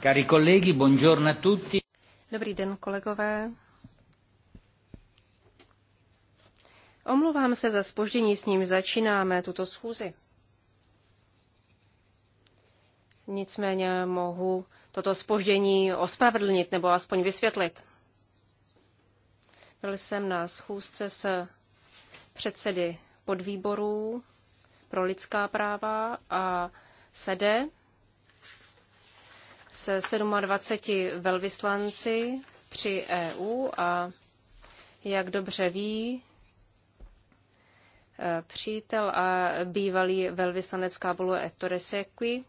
Cari colleghi, buongiorno a tutti. Dobrý den, kolegové. Omlouvám se za spoždění, s ním začínáme tuto schůzi. Nicméně mohu toto spoždění ospravedlnit nebo aspoň vysvětlit. Byl jsem na schůzce s předsedy podvýborů pro lidská práva a sede se 27 velvyslanci při EU a jak dobře ví, e, přítel a bývalý velvyslanec Kábulu Ettore Sekui.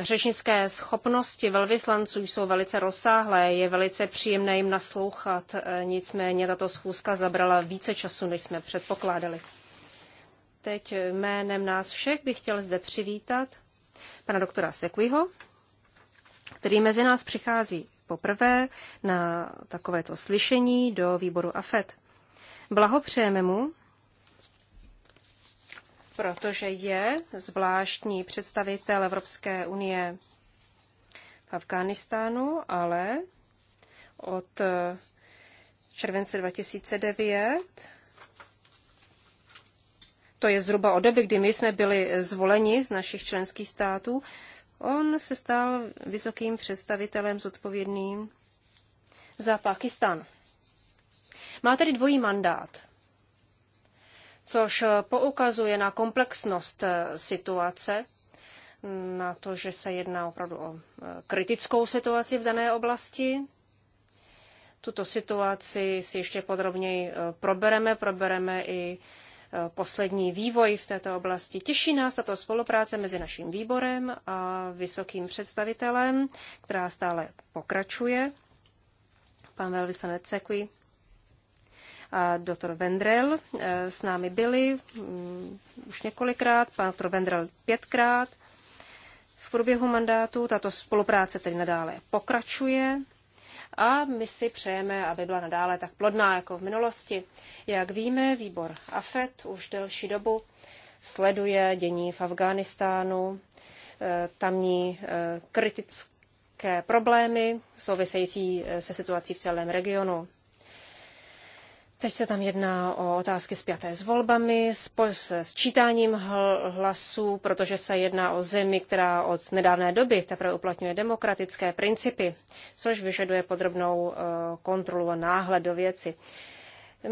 Řečnické schopnosti velvyslanců jsou velice rozsáhlé, je velice příjemné jim naslouchat, e, nicméně tato schůzka zabrala více času, než jsme předpokládali. Teď jménem nás všech bych chtěl zde přivítat pana doktora Sekuiho, který mezi nás přichází poprvé na takovéto slyšení do výboru AFET. Blahopřejeme mu, protože je zvláštní představitel Evropské unie v Afghánistánu, ale od července 2009 to je zhruba od doby, kdy my jsme byli zvoleni z našich členských států, on se stal vysokým představitelem zodpovědným za Pakistan. Má tedy dvojí mandát, což poukazuje na komplexnost eh, situace, na to, že se jedná opravdu o eh, kritickou situaci v dané oblasti. Tuto situaci si ještě podrobněji eh, probereme, probereme i Eh, poslední vývoj v této oblasti. Těší nás tato spolupráce mezi naším výborem a vysokým představitelem, která stále pokračuje. Pan velvyslanec Sekuj a doktor Vendrel eh, s námi byli mm, už několikrát, pan doktor Vendrel pětkrát. V průběhu mandátu tato spolupráce tedy nadále pokračuje a my si přejeme, aby byla nadále tak plodná jako v minulosti. Jak víme, výbor AFET už delší dobu sleduje dění v Afghánistánu, eh, tamní eh, kritické problémy související eh, se situací v celém regionu. Teď se tam jedná o otázky spjaté s volbami, s, s čítáním hlasů, protože se jedná o zemi, která od nedávné doby teprve uplatňuje demokratické principy, což vyžaduje podrobnou eh, kontrolu a náhled do věci.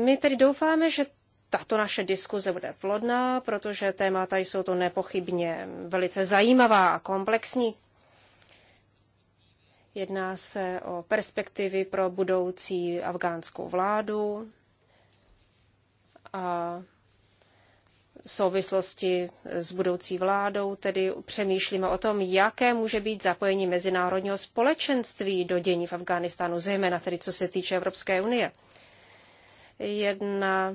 My tedy doufáme, že tato naše diskuze bude plodná, protože témata jsou to nepochybně velice zajímavá a komplexní. Jedná se o perspektivy pro budoucí afgánskou vládu, v souvislosti s budoucí vládou, tedy přemýšlíme o tom, jaké může být zapojení mezinárodního společenství do dění v Afghánistánu, zejména tedy co se týče Evropské unie. Jedna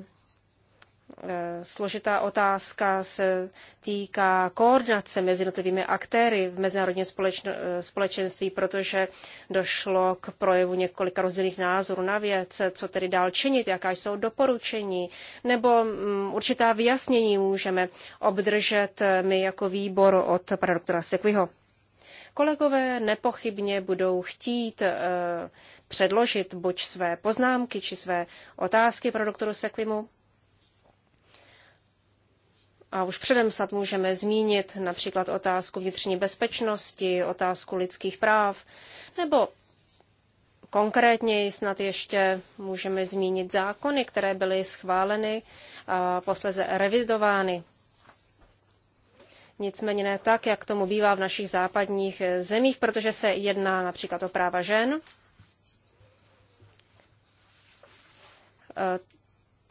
Eh, složitá otázka se týká koordinace mezi jednotlivými aktéry v mezinárodním eh, společenství, protože došlo k projevu několika rozdílných názorů na věc, co tedy dál činit, jaká jsou doporučení, nebo mm, určitá vyjasnění můžeme obdržet eh, my jako výbor od pana doktora Sekviho. Kolegové nepochybně budou chtít e, předložit buď své poznámky či své otázky pro doktoru Sekvimu, a už předem snad můžeme zmínit například otázku vnitřní bezpečnosti, otázku lidských práv, nebo konkrétněji snad ještě můžeme zmínit zákony, které byly schváleny a posleze revidovány. Nicméně ne tak, jak tomu bývá v našich západních zemích, protože se jedná například o práva žen,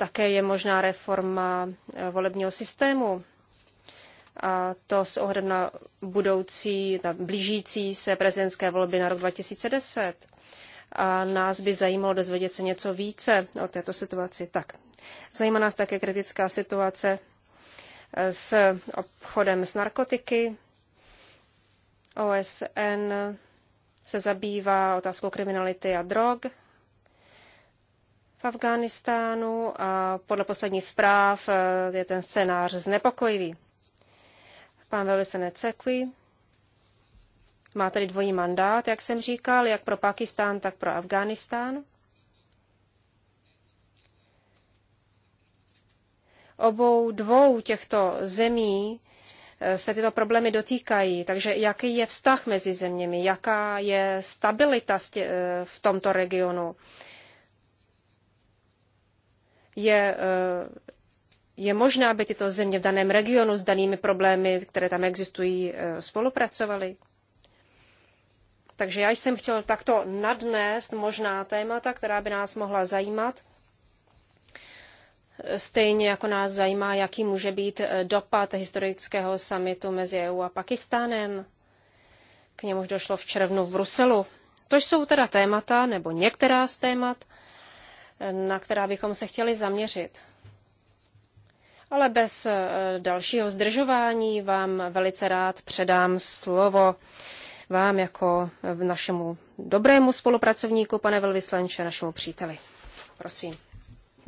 také je možná reforma eh, volebního systému, a to s ohledem na budoucí, na blížící se prezidentské volby na rok 2010. A nás by zajímalo dozvědět se něco více o této situaci. Tak, zajímá nás také kritická situace eh, s obchodem s narkotiky. OSN se zabývá otázkou kriminality a drog v Afghánistánu a podle posledních zpráv eh, je ten scénář znepokojivý. Pán velvyslanec Sekvi má tedy dvojí mandát, jak jsem říkal, jak pro Pakistán, tak pro Afghánistán. Obou dvou těchto zemí eh, se tyto problémy dotýkají. Takže jaký je vztah mezi zeměmi, jaká je stabilita eh, v tomto regionu, je, eh, je možné, aby tyto země v daném regionu s danými problémy, které tam existují, eh, spolupracovaly. Takže já jsem chtěl takto nadnést možná témata, která by nás mohla zajímat. Stejně jako nás zajímá, jaký může být eh, dopad historického samitu mezi EU a Pakistánem. K němuž došlo v červnu v Bruselu. To jsou teda témata, nebo některá z témat, na která bychom se chtěli zaměřit. Ale bez eh, dalšího zdržování vám velice rád předám slovo vám jako eh, našemu dobrému spolupracovníku, pane velvyslanče, našemu příteli. Prosím.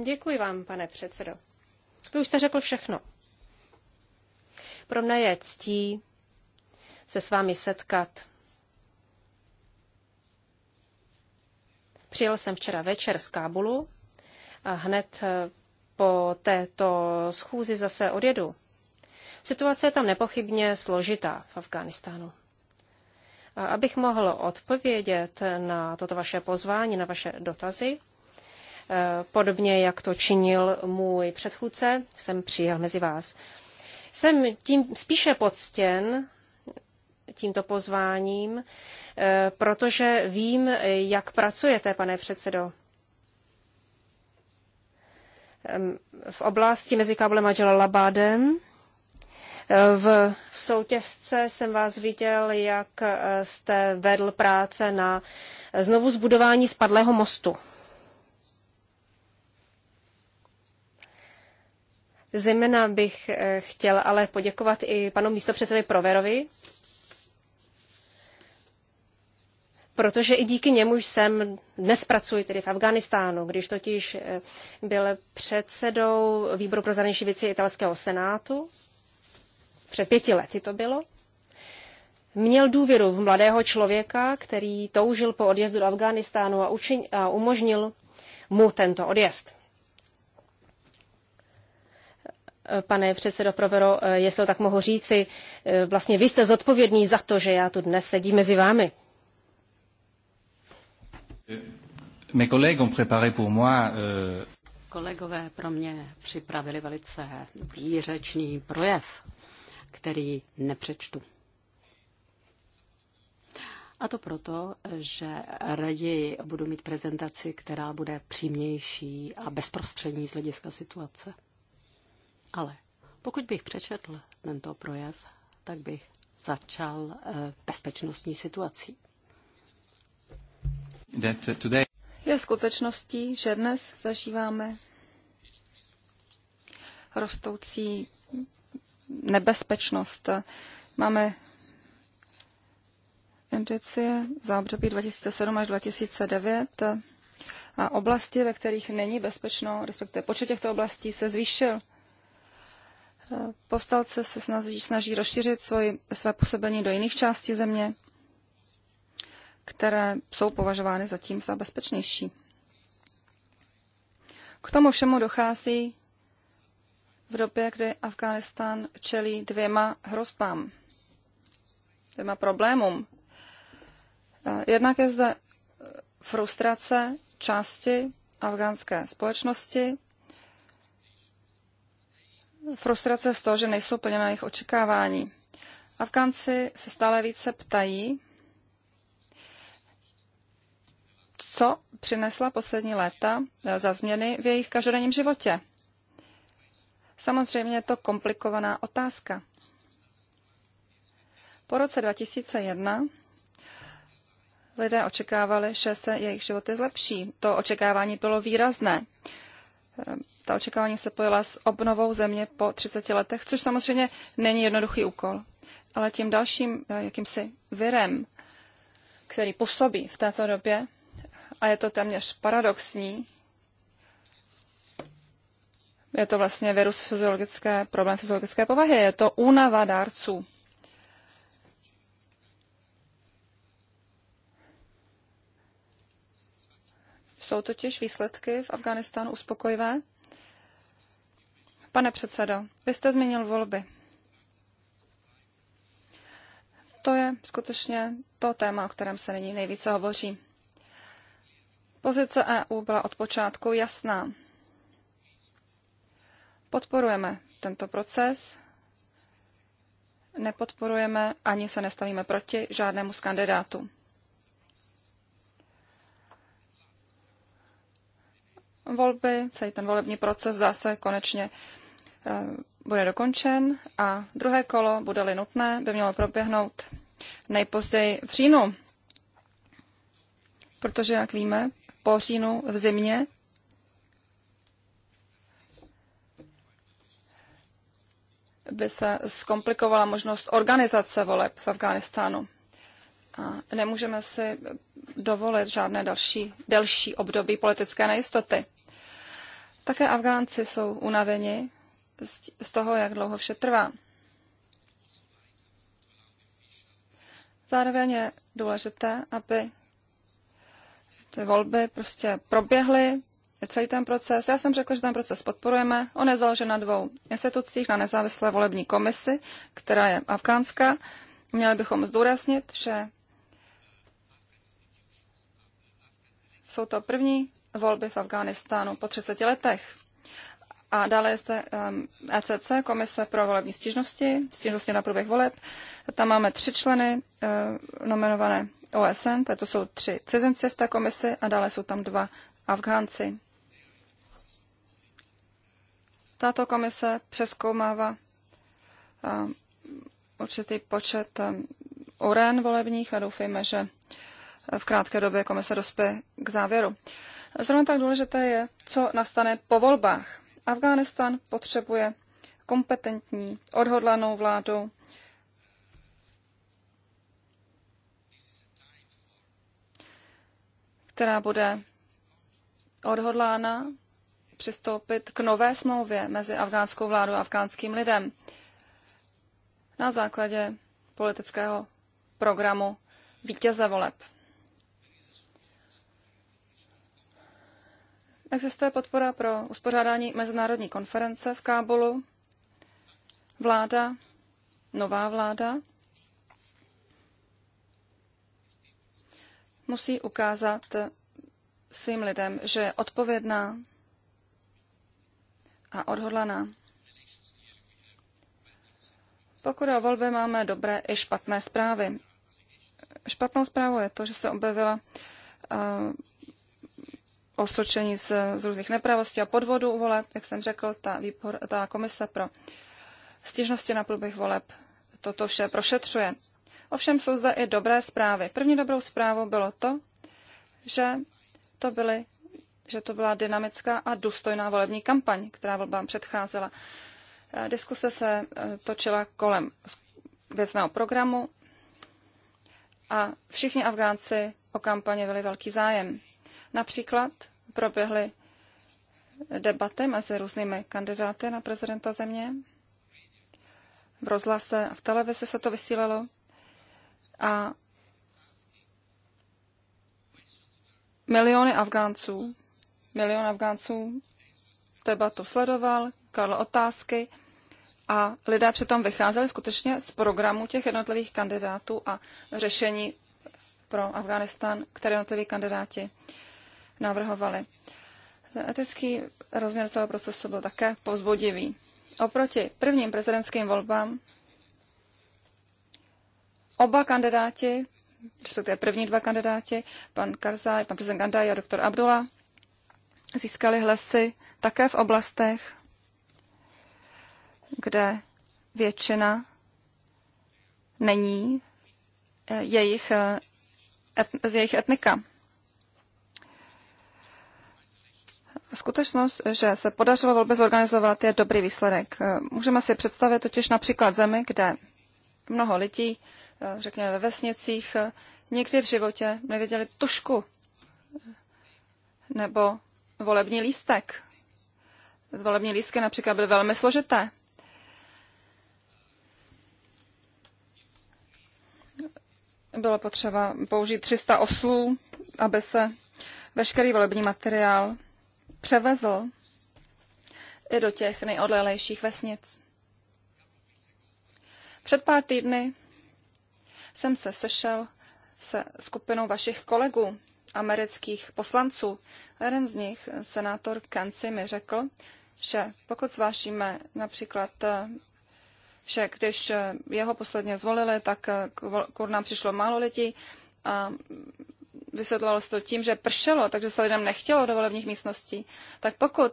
Děkuji vám, pane předsedo. Vy už jste řekl všechno. Pro mne je ctí se s vámi setkat Přijel jsem včera večer z Kábulu a hned eh, po této schůzi zase odjedu. Situace je tam nepochybně složitá v Afghánistánu. A abych mohl odpovědět na toto vaše pozvání, na vaše dotazy, eh, podobně jak to činil můj předchůdce, jsem přijel mezi vás. Jsem tím spíše poctěn, tímto pozváním, eh, protože vím, jak pracujete, pane předsedo. V oblasti mezi Kablem a Jalalabadem eh, v, v soutězce jsem vás viděl, jak eh, jste vedl práce na znovu zbudování spadlého mostu. Zejména bych chtěl ale poděkovat i panu místopředsedovi Proverovi protože i díky němu jsem dnes pracuji tedy v Afganistánu, když totiž eh, byl předsedou výboru pro zahraniční věci italského senátu, před pěti lety to bylo, měl důvěru v mladého člověka, který toužil po odjezdu do Afganistánu a, učin, a umožnil mu tento odjezd. Pane předsedo Provero, eh, jestli to tak mohu říci, eh, vlastně vy jste zodpovědný za to, že já tu dnes sedím mezi vámi. Euh, Kolegové pro mě připravili velice výřečný projev, který nepřečtu. A to proto, že raději budu mít prezentaci, která bude přímější a bezprostřední z hlediska situace. Ale pokud bych přečetl tento projev, tak bych začal eh, bezpečnostní situací. Uh, Je skutečností, že dnes zažíváme rostoucí nebezpečnost. Máme indicie za období 2007 až 2009 a oblasti, ve kterých není bezpečno, respektive počet těchto oblastí se zvýšil. Povstalce se snaží, snaží rozšířit svoji, své působení do jiných částí země které jsou považovány zatím za bezpečnější. K tomu všemu dochází v době, kdy Afghánistán čelí dvěma hrozbám, dvěma problémům. Eh, jednak je zde eh, frustrace části afgánské společnosti, frustrace z toho, že nejsou plněna jejich očekávání. Afgánci se stále více ptají, co přinesla poslední léta eh, za změny v jejich každodenním životě. Samozřejmě je to komplikovaná otázka. Po roce 2001 lidé očekávali, že se jejich životy zlepší. To očekávání bylo výrazné. Eh, ta očekávání se pojila s obnovou země po 30 letech, což samozřejmě není jednoduchý úkol. Ale tím dalším eh, jakýmsi virem, který působí v této době, a je to téměř paradoxní. Je to vlastně virus fyziologické, problém fyziologické povahy, je to únava dárců. Jsou totiž výsledky v Afganistánu uspokojivé? Pane předsedo, vy jste zmínil volby. To je skutečně to téma, o kterém se nyní nejvíce hovoří. Pozice EU byla od počátku jasná. Podporujeme tento proces, nepodporujeme ani se nestavíme proti žádnému z kandidátů. Volby, celý ten volební proces zdá se konečně eh, bude dokončen a druhé kolo, bude-li nutné, by mělo proběhnout nejpozději v říjnu. Protože, jak víme, po říjnu v zimě. by se zkomplikovala možnost organizace voleb v Afganistánu. A nemůžeme si dovolit žádné další, delší období politické nejistoty. Také Afgánci jsou unaveni z toho, jak dlouho vše trvá. Zároveň je důležité, aby ty volby prostě proběhly, celý ten proces. Já jsem řekl, že ten proces podporujeme. On je založen na dvou institucích, na nezávislé volební komisi, která je afgánská. Měli bychom zdůraznit, že jsou to první volby v Afghánistánu po 30 letech. A dále je zde um, ehm, ECC, Komise pro volební stížnosti, stížnosti na průběh voleb. Tam máme tři členy uh, nominované OSN, to jsou tři cizinci v té komisi a dále jsou tam dva Afgánci. Tato komise přeskoumává um, určitý počet um, uren volebních a doufejme, že v krátké době komise dospěje k závěru. Zrovna tak důležité je, co nastane po volbách. Afghánistán potřebuje kompetentní, odhodlanou vládu, která bude odhodlána přistoupit k nové smlouvě mezi afgánskou vládou a afgánským lidem na základě politického programu vítěze voleb. Existuje podpora pro uspořádání mezinárodní konference v Kábulu. Vláda, nová vláda, musí ukázat svým lidem, že je odpovědná a odhodlaná. Pokud o volby máme dobré i špatné zprávy. Špatnou zprávou je to, že se objevila uh, osočení z, z různých nepravostí a podvodů u voleb. Jak jsem řekl, ta, výpor, ta komise pro stížnosti na průběh voleb toto vše prošetřuje. Ovšem jsou zde i dobré zprávy. První dobrou zprávou bylo to, že to byly že to byla dynamická a důstojná volební kampaň, která volbám předcházela. Eh, diskuse se eh, točila kolem věcného programu a všichni Afgánci o kampaně byli velký zájem. Například proběhly debaty mezi různými kandidáty na prezidenta země. V rozhlase a v televizi se to vysílalo. A miliony Afgánců, milion Afgánců to sledoval, kladl otázky a lidé přitom vycházeli skutečně z programu těch jednotlivých kandidátů a řešení pro Afghánistán, které jednotliví kandidáti navrhovali. Ten etický rozměr celého procesu byl také povzbudivý. Oproti prvním prezidentským volbám Oba kandidáti, respektive první dva kandidáti, pan Karzaj, pan prezident Gandaj a doktor Abdullah, získali hlasy také v oblastech, kde většina není eh, jejich, eh, z jejich etnika. Skutečnost, že se podařilo volby zorganizovat, je dobrý výsledek. Eh, můžeme si představit totiž například zemi, kde mnoho lidí Eh, řekněme ve vesnicích, eh, nikdy v životě neviděli tušku nebo volební lístek. Volební lístky například byly velmi složité. Bylo potřeba použít 300 oslů, aby se veškerý volební materiál převezl i do těch nejodlehlejších vesnic. Před pár týdny jsem se sešel se skupinou vašich kolegů, amerických poslanců. jeden z nich, senátor Kanci, mi řekl, že pokud zvážíme například že když jeho posledně zvolili, tak k nám přišlo málo lidí a vysvětlovalo se to tím, že pršelo, takže se lidem nechtělo do volebních místností. Tak pokud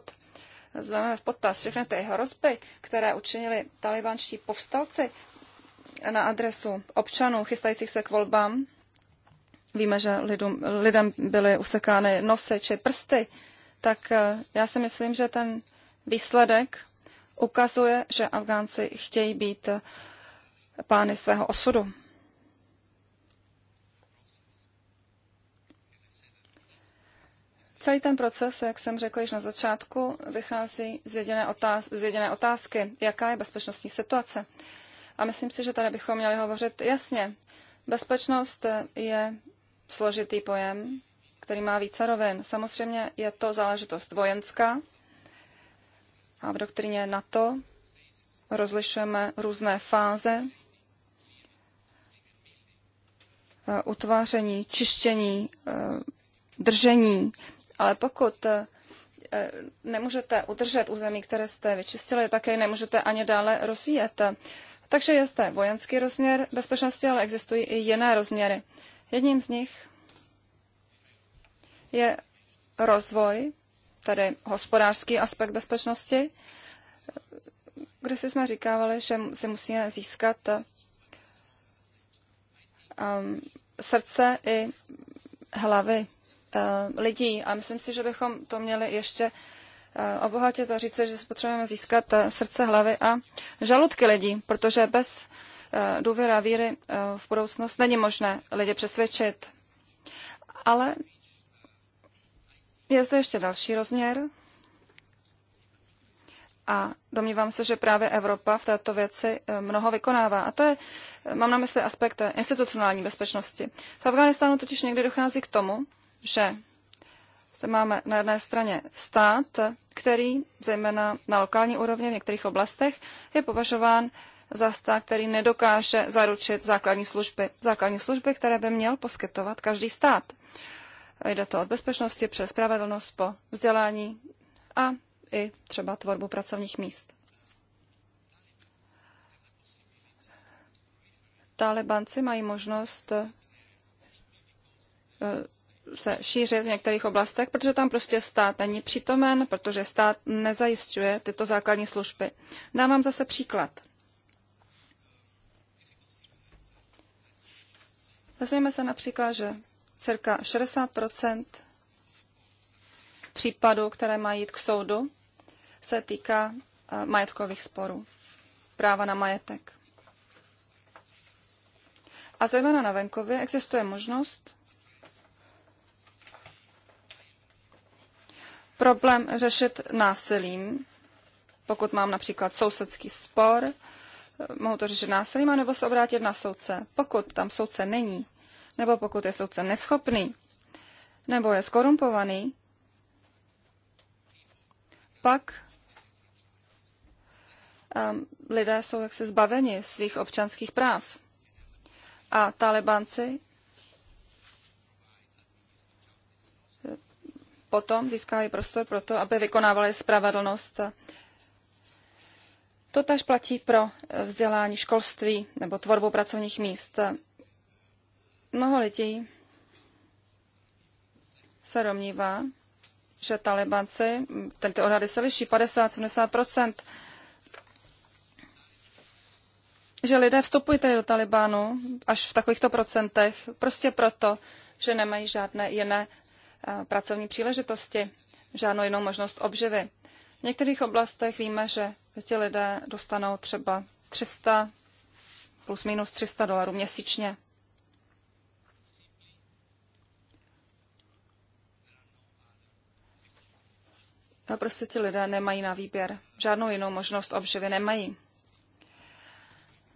zveme v potaz všechny ty hrozby, které učinili talibanští povstalci, na adresu občanů chystajících se k volbám. Víme, že lidům, lidem byly usekány nosy či prsty, tak eh, já si myslím, že ten výsledek ukazuje, že Afgánci chtějí být eh, pány svého osudu. Celý ten proces, jak jsem řekl již na začátku, vychází z jediné, otáz- z jediné otázky, jaká je bezpečnostní situace. A myslím si, že tady bychom měli hovořit jasně. Bezpečnost je složitý pojem, který má více rovin. Samozřejmě je to záležitost vojenská a v doktríně NATO rozlišujeme různé fáze utváření, čištění, eh, držení. Ale pokud eh, nemůžete udržet území, které jste vyčistili, také nemůžete ani dále rozvíjet. Takže je zde vojenský rozměr bezpečnosti, ale existují i jiné rozměry. Jedním z nich je rozvoj, tedy hospodářský aspekt bezpečnosti, kde si jsme říkávali, že si musíme získat um, srdce i hlavy uh, lidí. A myslím si, že bychom to měli ještě uh, Eh, obohatit a říct, že potřebujeme získat eh, srdce, hlavy a žaludky lidí, protože bez eh, důvěry a víry v budoucnost není možné lidi přesvědčit. Ale je zde ještě další rozměr a domnívám se, že právě Evropa v této věci mnoho vykonává. A to je, mám na mysli aspekt institucionální bezpečnosti. V Afganistánu totiž někdy dochází k tomu, že zde máme na jedné straně stát, který zejména na lokální úrovni v některých oblastech je považován za stát, který nedokáže zaručit základní služby. Základní služby, které by měl poskytovat každý stát. Jde to od bezpečnosti přes spravedlnost po vzdělání a i třeba tvorbu pracovních míst. Talibanci mají možnost eh, se šířit v některých oblastech, protože tam prostě stát není přítomen, protože stát nezajišťuje tyto základní služby. Dám vám zase příklad. Vezměme se například, že cirka 60 případů, které mají jít k soudu, se týká eh, majetkových sporů, práva na majetek. A zejména na venkově existuje možnost problém řešit násilím. Pokud mám například sousedský spor, mohu to řešit násilím, nebo se obrátit na soudce. Pokud tam soudce není, nebo pokud je soudce neschopný, nebo je skorumpovaný, pak um, lidé jsou jaksi zbaveni svých občanských práv. A talibánci potom získávají prostor pro to, aby vykonávali spravedlnost. To tež platí pro vzdělání školství nebo tvorbu pracovních míst. Mnoho lidí se domnívá, že talibanci, tento odhady se liší 50-70%, že lidé vstupují tady do Talibánu až v takovýchto procentech, prostě proto, že nemají žádné jiné Eh, pracovní příležitosti, žádnou jinou možnost obživy. V některých oblastech víme, že ti lidé dostanou třeba 300 plus minus 300 dolarů měsíčně. A prostě ti lidé nemají na výběr. Žádnou jinou možnost obživy nemají.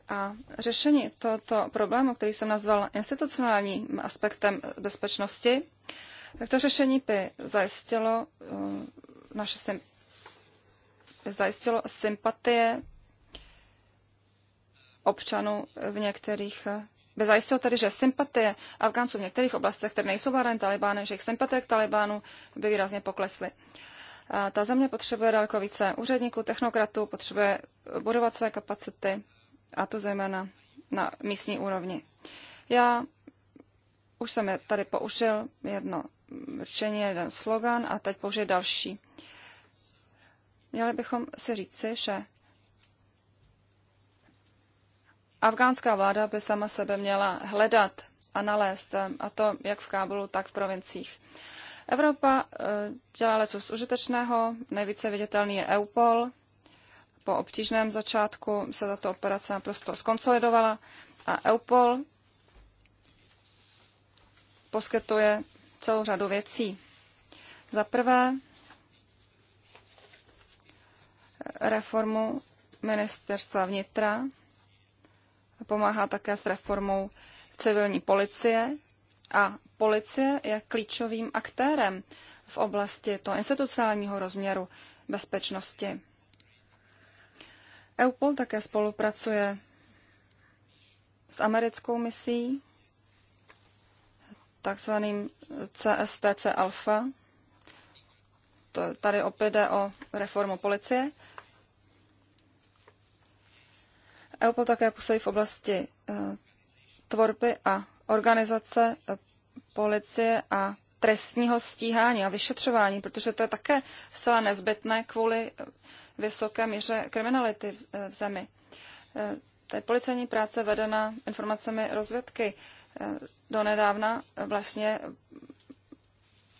A řešení tohoto problému, který jsem nazval institucionálním aspektem bezpečnosti, tak to řešení by zajistilo eh, naše sim, by zajistilo sympatie občanů v některých by zajistilo tedy, že sympatie Afgánců v některých oblastech, které nejsou vládány Talibány, že jejich sympatie k Talibánu by výrazně poklesly. A ta země potřebuje daleko více úředníků, technokratů, potřebuje budovat své kapacity, a to zejména na místní úrovni. Já už jsem je tady použil jedno řečení, jeden slogan a teď použije další. Měli bychom si říci, že afgánská vláda by sama sebe měla hledat a nalézt, a to jak v Kábulu, tak v provinciích. Evropa eh, dělá ale co z užitečného, nejvíce viditelný je EUPOL. Po obtížném začátku se tato operace naprosto skonsolidovala a EUPOL poskytuje celou řadu věcí. Za prvé reformu ministerstva vnitra, pomáhá také s reformou civilní policie a policie je klíčovým aktérem v oblasti toho institucionálního rozměru bezpečnosti. EUPOL také spolupracuje s americkou misí takzvaným CSTC alfa. To, tady opět jde o reformu policie. Eupol také působí v oblasti e, tvorby a organizace e, policie a trestního stíhání a vyšetřování, protože to je také zcela nezbytné kvůli e, vysoké míře kriminality v zemi. Ta policejní práce vedena informacemi rozvědky donedávna vlastně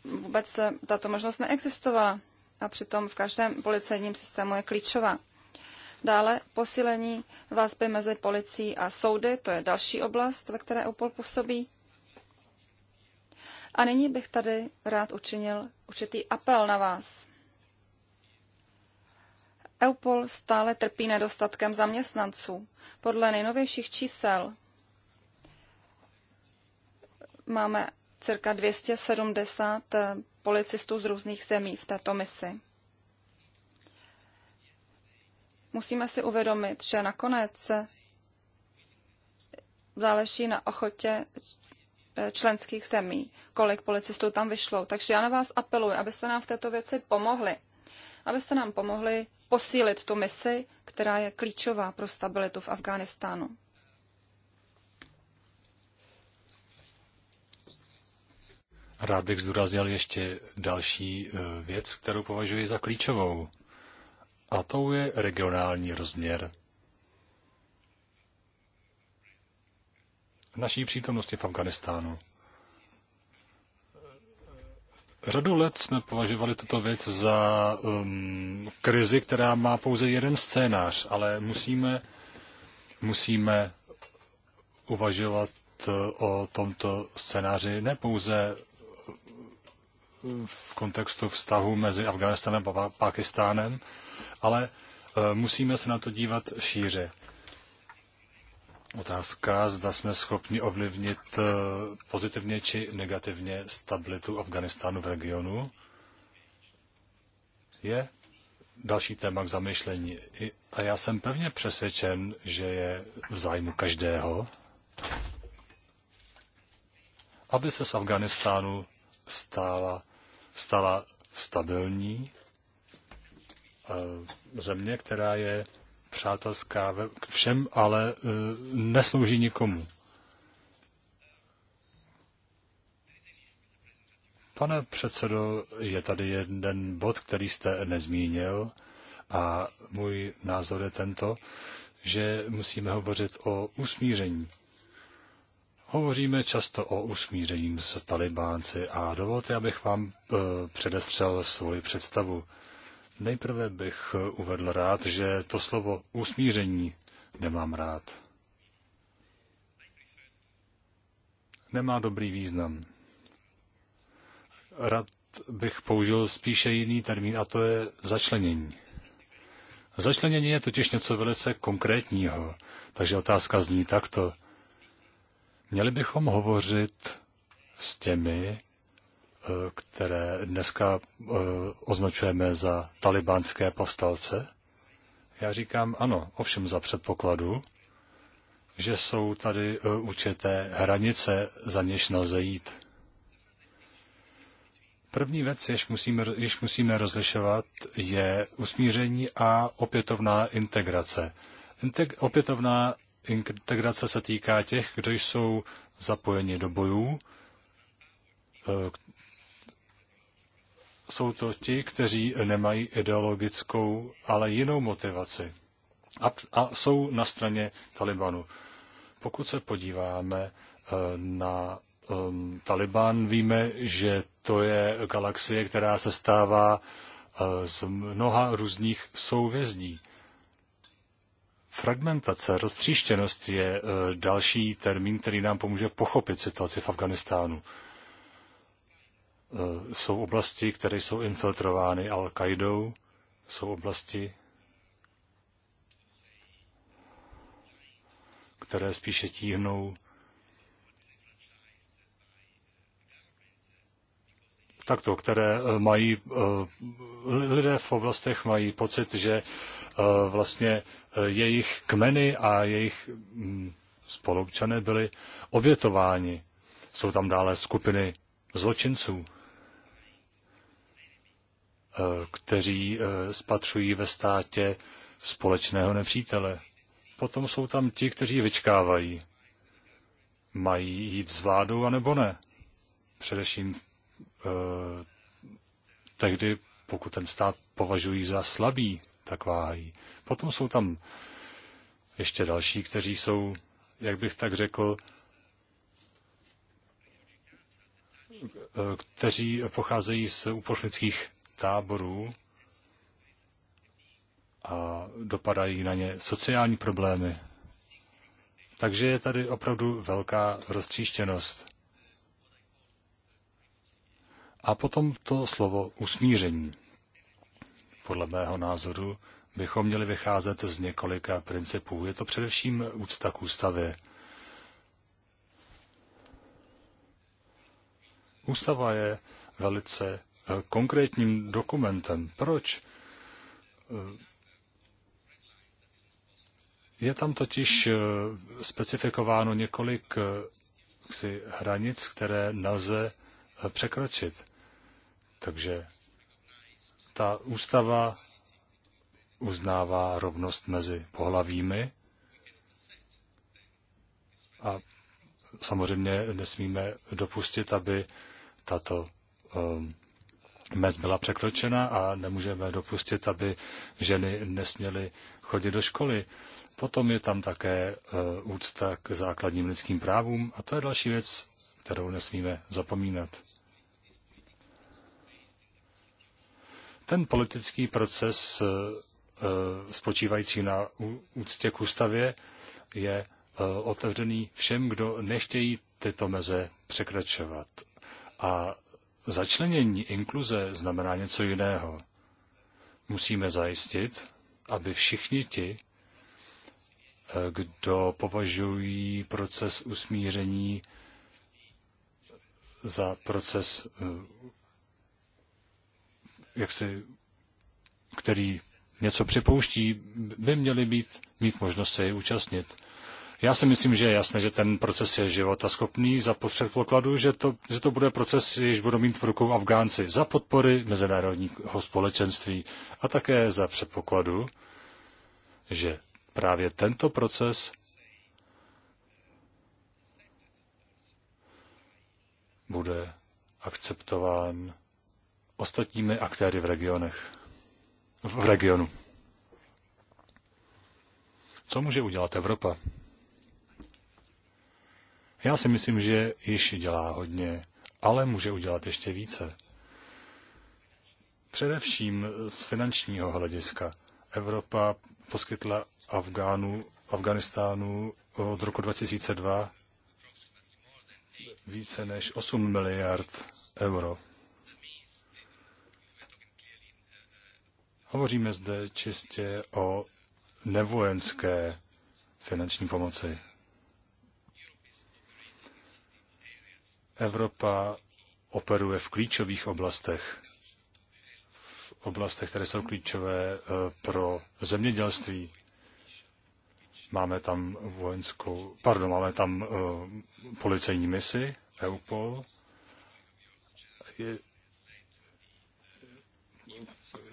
vůbec tato možnost neexistovala a přitom v každém policejním systému je klíčová. Dále posílení vazby mezi policií a soudy, to je další oblast, ve které UPOL působí. A nyní bych tady rád učinil určitý apel na vás. EUPOL stále trpí nedostatkem zaměstnanců. Podle nejnovějších čísel máme cirka 270 eh, policistů z různých zemí v této misi. Musíme si uvědomit, že nakonec eh, záleží na ochotě eh, členských zemí, kolik policistů tam vyšlo. Takže já na vás apeluji, abyste nám v této věci pomohli. Abyste nám pomohli posílit tu misi, která je klíčová pro stabilitu v Afghánistánu. Rád bych zdůraznil ještě další e, věc, kterou považuji za klíčovou. A to je regionální rozměr. Naší přítomnosti v Afganistánu. Řadu let jsme považovali tuto věc za um, krizi, která má pouze jeden scénář, ale musíme, musíme uvažovat e, o tomto scénáři ne pouze v kontextu vztahu mezi Afganistanem a Pakistánem, ale e, musíme se na to dívat šíře. Otázka, zda jsme schopni ovlivnit e, pozitivně či negativně stabilitu Afganistánu v regionu, je další téma k zamyšlení. A já jsem pevně přesvědčen, že je v zájmu každého, aby se z Afganistánu stála stala stabilní eh, země, která je přátelská k všem, ale eh, neslouží nikomu. Pane předsedo, je tady jeden bod, který jste nezmínil a můj názor je tento, že musíme hovořit o usmíření. Hovoříme často o usmíření s talibánci a dovolte, abych vám eh, předestřel svoji představu. Nejprve bych uvedl rád, že to slovo usmíření nemám rád. Nemá dobrý význam. Rád bych použil spíše jiný termín, a to je začlenění. Začlenění je totiž něco velice konkrétního, takže otázka zní takto. Měli bychom hovořit s těmi, eh, které dneska eh, označujeme za talibánské povstalce? Já říkám ano, ovšem za předpokladu, že jsou tady eh, určité hranice, za něž nelze jít. První věc, jež musíme, jež musíme rozlišovat, je usmíření a opětovná integrace. Integ- opětovná integrace se týká těch, kdo jsou zapojeni do bojů. E, jsou to ti, kteří nemají ideologickou, ale jinou motivaci a, a jsou na straně Talibanu. Pokud se podíváme e, na um, Taliban, víme, že to je galaxie, která se stává e, z mnoha různých souvězdí. Fragmentace, roztříštěnost je eh, další termín, který nám pomůže pochopit situaci v Afganistánu. Eh, jsou oblasti, které jsou infiltrovány Al-Qaidou, jsou oblasti, které spíše tíhnou takto, které eh, mají lidé v oblastech mají pocit, že Eh, vlastně eh, jejich kmeny a jejich hm, spolupčané byli obětováni. Jsou tam dále skupiny zločinců, eh, kteří spatřují ve státě společného nepřítele. Potom jsou tam ti, kteří vyčkávají. Mají jít s vládou, anebo ne. Především eh, tehdy, pokud ten stát považují za slabý, tak váhají. Potom jsou tam ještě další, kteří jsou, jak bych tak řekl, eh, kteří pocházejí z upošlických táborů a dopadají na ně sociální problémy. Takže je tady opravdu velká roztříštěnost. A potom to slovo usmíření. Podle mého názoru bychom měli vycházet z několika principů. Je to především úcta k ústavě. Ústava je velice eh, konkrétním dokumentem. Proč? Eh, je tam totiž eh, specifikováno několik hranic, které nelze překročit. Takže ta ústava uznává rovnost mezi pohlavími a samozřejmě nesmíme dopustit, aby tato um, mez byla překročena a nemůžeme dopustit, aby ženy nesměly chodit do školy. Potom je tam také eh, úcta k základním lidským právům a to je další věc, kterou nesmíme zapomínat. Ten politický proces eh, eh, spočívající na úctě k ústavě je eh, otevřený všem, kdo nechtějí tyto meze překračovat. A začlenění inkluze znamená něco jiného. Musíme zajistit, aby všichni ti, kdo považují proces usmíření za proces jaksi, který něco připouští, by měli být, mít možnost se je účastnit. Já si myslím, že je jasné, že ten proces je života schopný za předpokladu, že to, že to bude proces, jež budou mít v rukou Afgánci za podpory mezinárodního společenství a také za předpokladu, že právě tento proces bude akceptován ostatními aktéry v regionech. V regionu. Co může udělat Evropa? Já si myslím, že již dělá hodně, ale může udělat ještě více. Především z finančního hlediska. Evropa poskytla Afgánu, Afganistánu od roku 2002 více než 8 miliard euro Hovoříme zde čistě o nevojenské finanční pomoci. Evropa operuje v klíčových oblastech, v oblastech, které jsou klíčové eh, pro zemědělství. Máme tam vojenskou, pardon, máme tam eh, policejní misi, EUPOL. Je,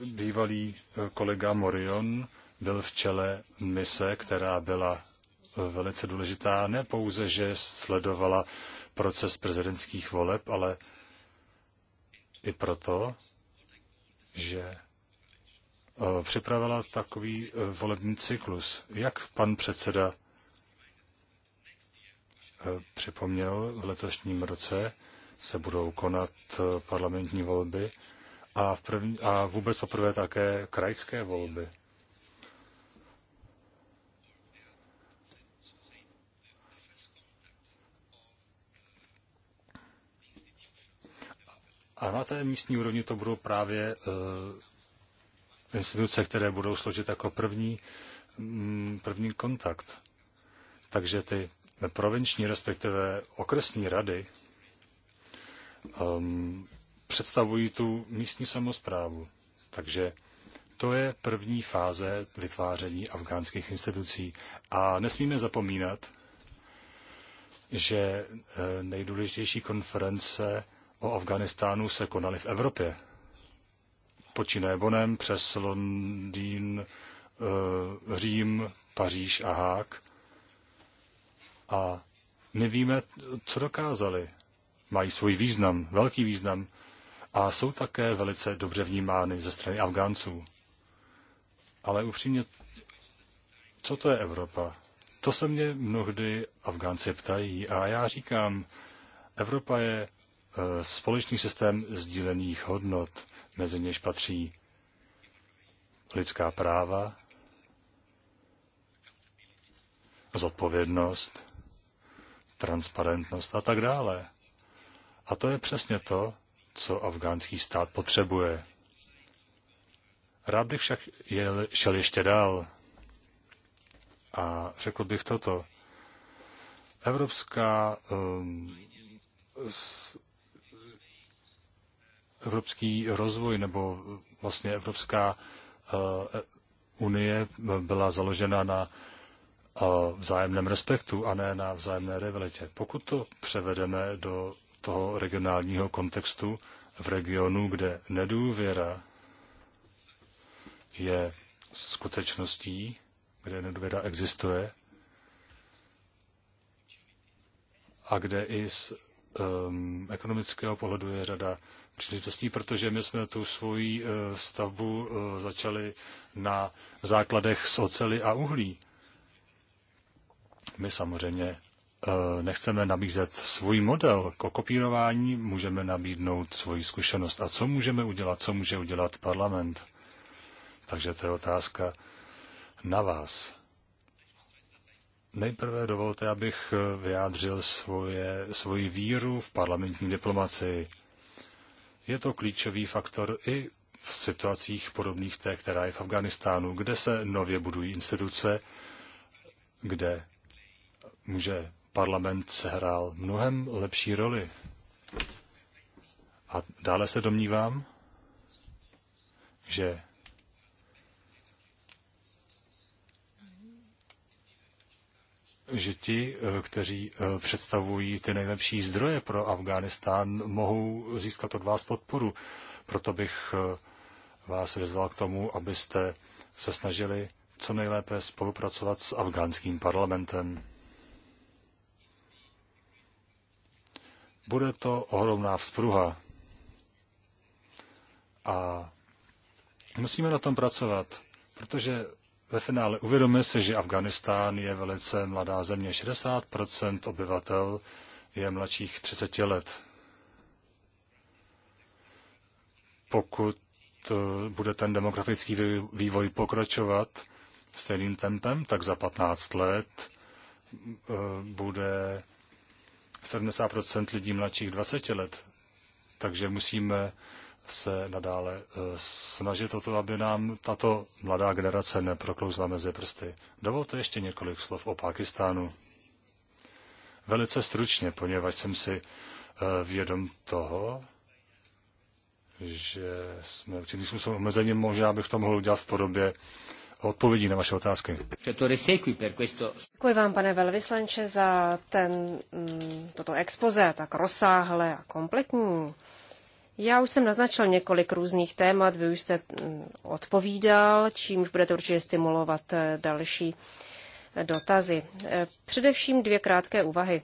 bývalý eh, kolega Morion byl v čele mise, která byla eh, velice důležitá, ne pouze, že sledovala proces prezidentských voleb, ale i proto, že eh, připravila takový volební cyklus. Jak pan předseda připomněl, v letošním roce se budou konat parlamentní volby a, v první, a vůbec poprvé také krajské volby. A na té místní úrovni to budou právě uh, instituce, které budou složit jako první, mm, první kontakt. Takže ty provinční, respektive okresní rady um, představují tu místní samozprávu. Takže to je první fáze vytváření afgánských institucí. A nesmíme zapomínat, že e, nejdůležitější konference o Afganistánu se konaly v Evropě. Počínaje Bonem přes Londýn, e, Řím, Paříž a Hák. A my víme, co dokázali. Mají svůj význam, velký význam a jsou také velice dobře vnímány ze strany Afgánců. Ale upřímně, co to je Evropa? To se mě mnohdy Afgánci ptají a já říkám, Evropa je e, společný systém sdílených hodnot, mezi něž patří lidská práva, zodpovědnost, transparentnost a tak dále. A to je přesně to, co afgánský stát potřebuje. Rád bych však jel, šel ještě dál a řekl bych toto. Evropská um, s, evropský rozvoj nebo vlastně Evropská uh, unie byla založena na uh, vzájemném respektu a ne na vzájemné rivalitě. Pokud to převedeme do toho regionálního kontextu v regionu, kde nedůvěra je skutečností, kde nedůvěra existuje a kde i z um, ekonomického pohledu je řada příležitostí, protože my jsme tu svoji uh, stavbu uh, začali na základech z ocely a uhlí. My samozřejmě Eh, nechceme nabízet svůj model k kopírování, můžeme nabídnout svoji zkušenost. A co můžeme udělat, co může udělat parlament? Takže to je otázka na vás. Nejprve dovolte, abych eh, vyjádřil svoje, svoji víru v parlamentní diplomacii. Je to klíčový faktor i v situacích podobných té, která je v Afganistánu, kde se nově budují instituce, kde může parlament sehrál mnohem lepší roli. A dále se domnívám, že že ti, eh, kteří eh, představují ty nejlepší zdroje pro Afghánistán, mohou získat od vás podporu. Proto bych eh, vás vyzval k tomu, abyste se snažili co nejlépe spolupracovat s afgánským parlamentem. Bude to ohromná vzpruha. A musíme na tom pracovat, protože ve finále uvědomíme si, že Afganistán je velice mladá země. 60 obyvatel je mladších 30 let. Pokud eh, bude ten demografický vývoj pokračovat stejným tempem, tak za 15 let eh, bude 70 lidí mladších 20 let. Takže musíme se nadále eh, snažit o to, aby nám tato mladá generace neproklouzla mezi prsty. Dovolte ještě několik slov o Pákistánu. Velice stručně, poněvadž jsem si eh, vědom toho, že jsme určitým způsobem omezení, možná bych to mohl udělat v podobě odpovědí na vaše otázky. Děkuji vám, pane velvyslanče, za ten, mm, toto expoze tak rozsáhlé a kompletní. Já už jsem naznačil několik různých témat, vy už jste mm, odpovídal, čímž budete určitě stimulovat eh, další eh, dotazy. Eh, především dvě krátké úvahy.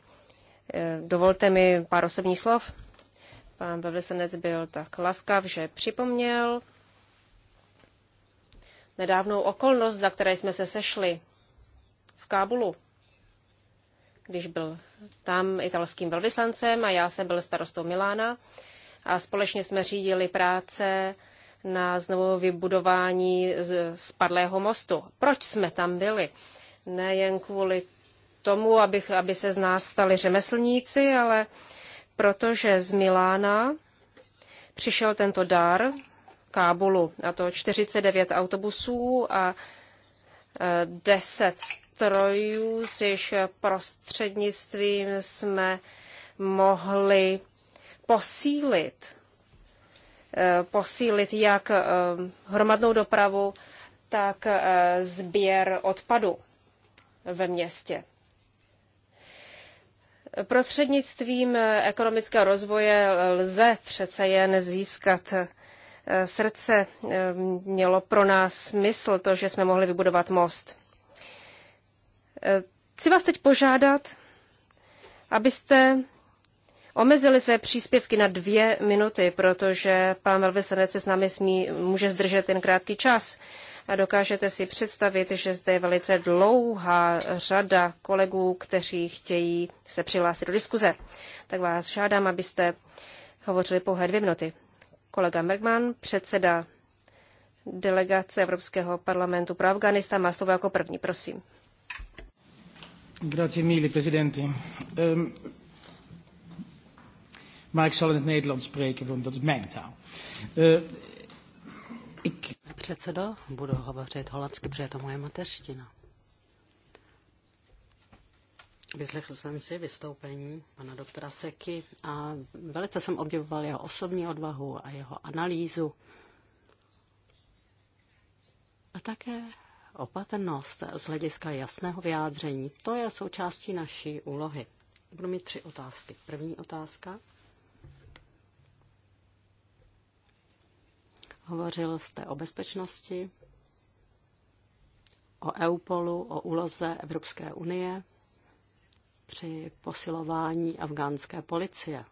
Dovolte mi pár osobních slov. Pán velvyslanec byl tak laskav, že připomněl nedávnou okolnost, za které jsme se sešli v Kábulu, když byl tam italským velvyslancem a já jsem byl starostou Milána a společně jsme řídili práce na znovu vybudování z spadlého mostu. Proč jsme tam byli? Nejen kvůli tomu, abych, aby se z nás stali řemeslníci, ale protože z Milána přišel tento dar Kábulu, a to 49 autobusů a 10 e, strojů, s jejich prostřednictvím jsme mohli posílit, e, posílit jak e, hromadnou dopravu, tak sběr odpadu ve městě. Prostřednictvím ekonomického rozvoje lze přece jen získat srdce eh, mělo pro nás smysl to, že jsme mohli vybudovat most. Eh, chci vás teď požádat, abyste omezili své příspěvky na dvě minuty, protože pán velvyslanec se s námi smí, může zdržet jen krátký čas. A dokážete si představit, že zde je velice dlouhá řada kolegů, kteří chtějí se přihlásit do diskuze. Tak vás žádám, abyste hovořili pouhé dvě minuty. Kolega Bergman předseda delegace Evropského parlamentu pro Afganistán, má slovo jako první, prosím. Grazie mille, presidenti. Um, maar ik zal in het Nederlands spreken, want dat is mijn taal. Uh, ik... Předsedo, budu hovořit holandsky, protože je to moje mateřština. Vyslechl jsem si vystoupení pana doktora Seky a velice jsem obdivoval jeho osobní odvahu a jeho analýzu. A také opatrnost z hlediska jasného vyjádření. To je součástí naší úlohy. Budu mít tři otázky. První otázka. Hovořil jste o bezpečnosti, o EUPOLu, o úloze Evropské unie při posilování afgánské policie,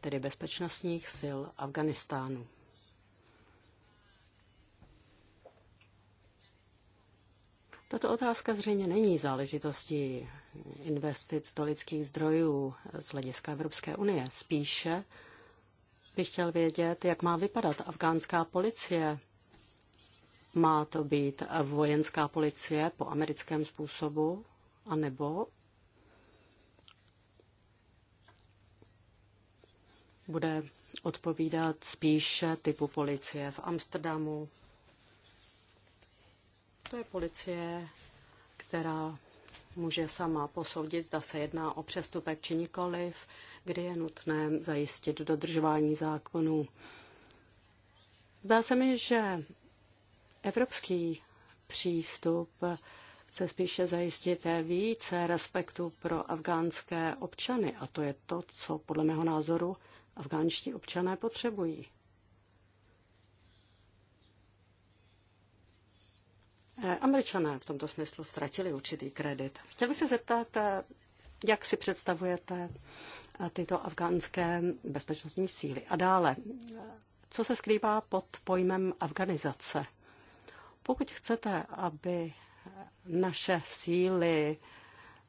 tedy bezpečnostních sil Afganistánu. Tato otázka zřejmě není záležitostí investic do lidských zdrojů z hlediska Evropské unie. Spíše bych chtěl vědět, jak má vypadat afgánská policie má to být vojenská policie po americkém způsobu, anebo bude odpovídat spíše typu policie v Amsterdamu. To je policie, která může sama posoudit, zda se jedná o přestupek či nikoliv, kdy je nutné zajistit dodržování zákonů. Zdá se mi, že Evropský přístup chce spíše zajistit více respektu pro afgánské občany a to je to, co podle mého názoru afgánští občané potřebují. Eh, Američané v tomto smyslu ztratili určitý kredit. Chtěl bych se zeptat, eh, jak si představujete eh, tyto afgánské bezpečnostní síly? A dále, co se skrývá pod pojmem afganizace? Pokud chcete, aby naše síly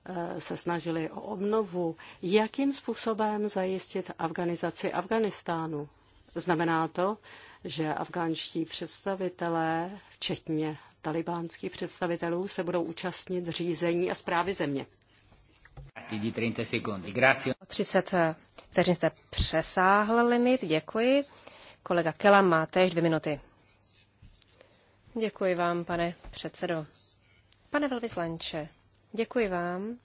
eh, se snažily o obnovu, jakým způsobem zajistit afganizaci Afganistánu. Znamená to, že afgánští představitelé, včetně talibánských představitelů, se budou účastnit řízení a zprávy země. 30 vteřin jste přesáhl limit, děkuji. Kolega Kela má též dvě minuty. Děkuji vám, pane předsedo. Pane velvyslanče, děkuji vám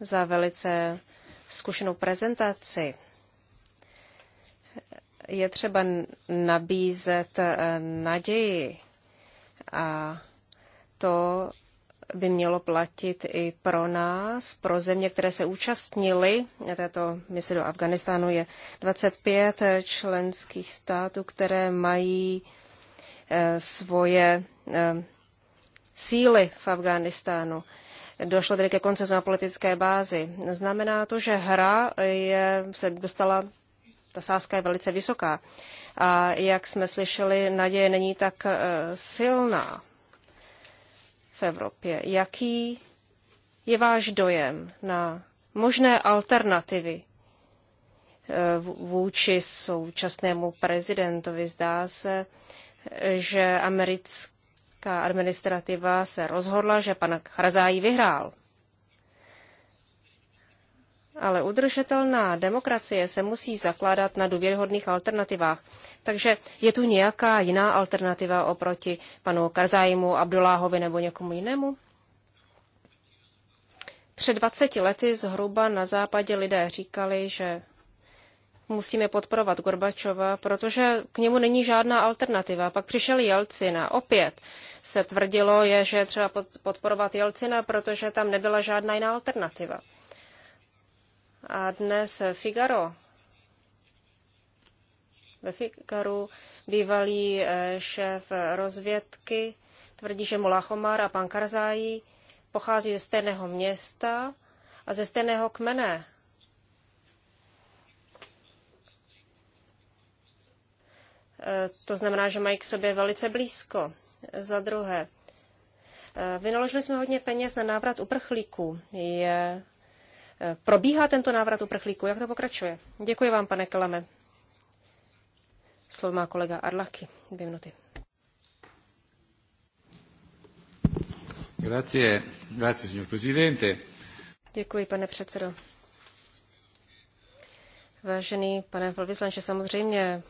za velice zkušenou prezentaci. Je třeba nabízet eh, naději a to by mělo platit i pro nás, pro země, které se účastnily této mise do Afganistánu. Je 25 eh, členských států, které mají svoje eh, síly v Afghánistánu. Došlo tedy ke koncenzu na politické bázi. Znamená to, že hra je, se dostala, ta sázka je velice vysoká. A jak jsme slyšeli, naděje není tak eh, silná v Evropě. Jaký je váš dojem na možné alternativy eh, vůči současnému prezidentovi? Zdá se, že americká administrativa se rozhodla, že pan Hrazájí vyhrál. Ale udržitelná demokracie se musí zakládat na důvěryhodných alternativách. Takže je tu nějaká jiná alternativa oproti panu Karzájimu, Abduláhovi nebo někomu jinému? Před 20 lety zhruba na západě lidé říkali, že musíme podporovat Gorbačova, protože k němu není žádná alternativa. Pak přišel Jelcina. Opět se tvrdilo, je, že třeba podporovat Jelcina, protože tam nebyla žádná jiná alternativa. A dnes Figaro. Ve Figaru bývalý eh, šéf rozvědky tvrdí, že Mulachomar a pan Karzají pochází ze stejného města a ze stejného kmene Eh, to znamená, že mají k sobě velice blízko. Za druhé, eh, vynaložili jsme hodně peněz na návrat uprchlíků. Je, eh, probíhá tento návrat uprchlíků? Jak to pokračuje? Děkuji vám, pane Kelame. Slovo má kolega Arlaky. Dvě minuty. Grazie, grazie, signor Presidente. Děkuji, pane předsedo. Vážený pane velvyslanče, samozřejmě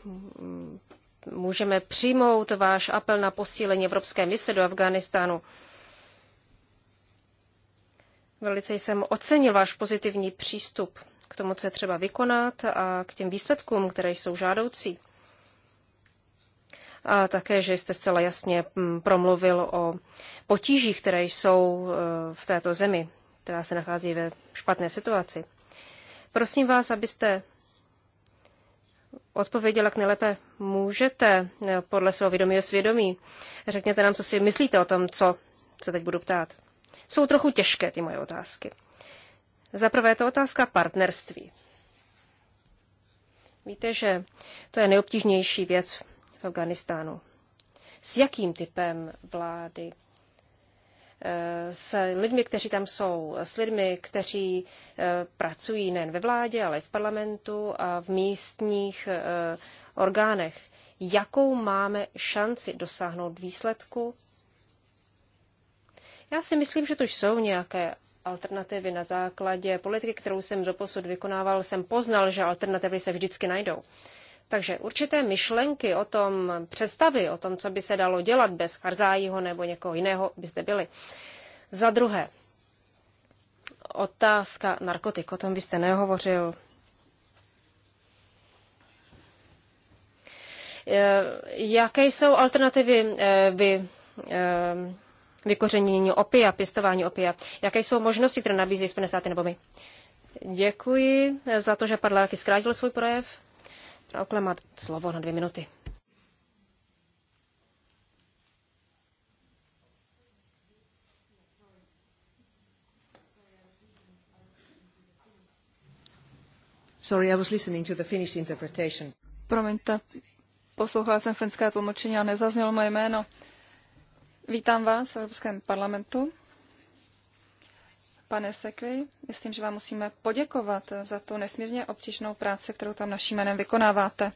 můžeme přijmout váš apel na posílení Evropské mise do Afghánistánu. Velice jsem ocenil váš pozitivní přístup k tomu, co je třeba vykonat a k těm výsledkům, které jsou žádoucí. A také, že jste zcela jasně mm, promluvil o potížích, které jsou e, v této zemi, která se nachází ve špatné situaci. Prosím vás, abyste odpověděl, jak nejlépe můžete eh, podle svého vědomí a svědomí. Řekněte nám, co si myslíte o tom, co se teď budu ptát. Jsou trochu těžké ty moje otázky. Za prvé je to otázka partnerství. Víte, že to je nejobtížnější věc v Afganistánu. S jakým typem vlády s lidmi, kteří tam jsou, s lidmi, kteří eh, pracují nejen ve vládě, ale i v parlamentu a v místních eh, orgánech. Jakou máme šanci dosáhnout výsledku? Já si myslím, že tu jsou nějaké alternativy na základě politiky, kterou jsem doposud vykonával, jsem poznal, že alternativy se vždycky najdou. Takže určité myšlenky o tom, představy o tom, co by se dalo dělat bez Karzájího nebo někoho jiného, by zde byly. Za druhé, otázka narkotik, o tom byste nehovořil. E, jaké jsou alternativy e, vy, e, vykořenění opia, pěstování opia? Jaké jsou možnosti, které nabízí Spojené státy nebo my? Děkuji za to, že pan Larky zkrátil svůj projev. Okle má slovo na dvě minuty. Sorry, I was listening to the Finnish interpretation. Promiňte, poslouchala jsem finské tlumočení a nezaznělo moje jméno. Vítám vás v Evropském parlamentu. Pane Sekvi, myslím, že vám musíme poděkovat za tu nesmírně obtížnou práci, kterou tam naším jménem vykonáváte.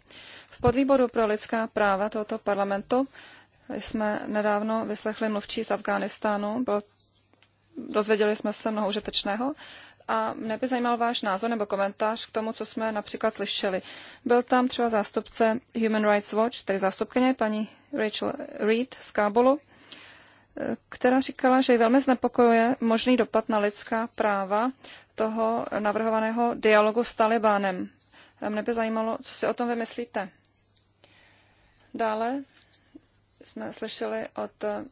V podvýboru pro lidská práva tohoto parlamentu jsme nedávno vyslechli mluvčí z Afghánistánu, bylo, dozvěděli jsme se mnoho užitečného a mě by zajímal váš názor nebo komentář k tomu, co jsme například slyšeli. Byl tam třeba zástupce Human Rights Watch, tedy zástupkyně paní Rachel Reed z Kábulu, která říkala, že ji velmi znepokojuje možný dopad na lidská práva toho navrhovaného dialogu s Talibánem. Mne by zajímalo, co si o tom vymyslíte. Dále jsme slyšeli od eh,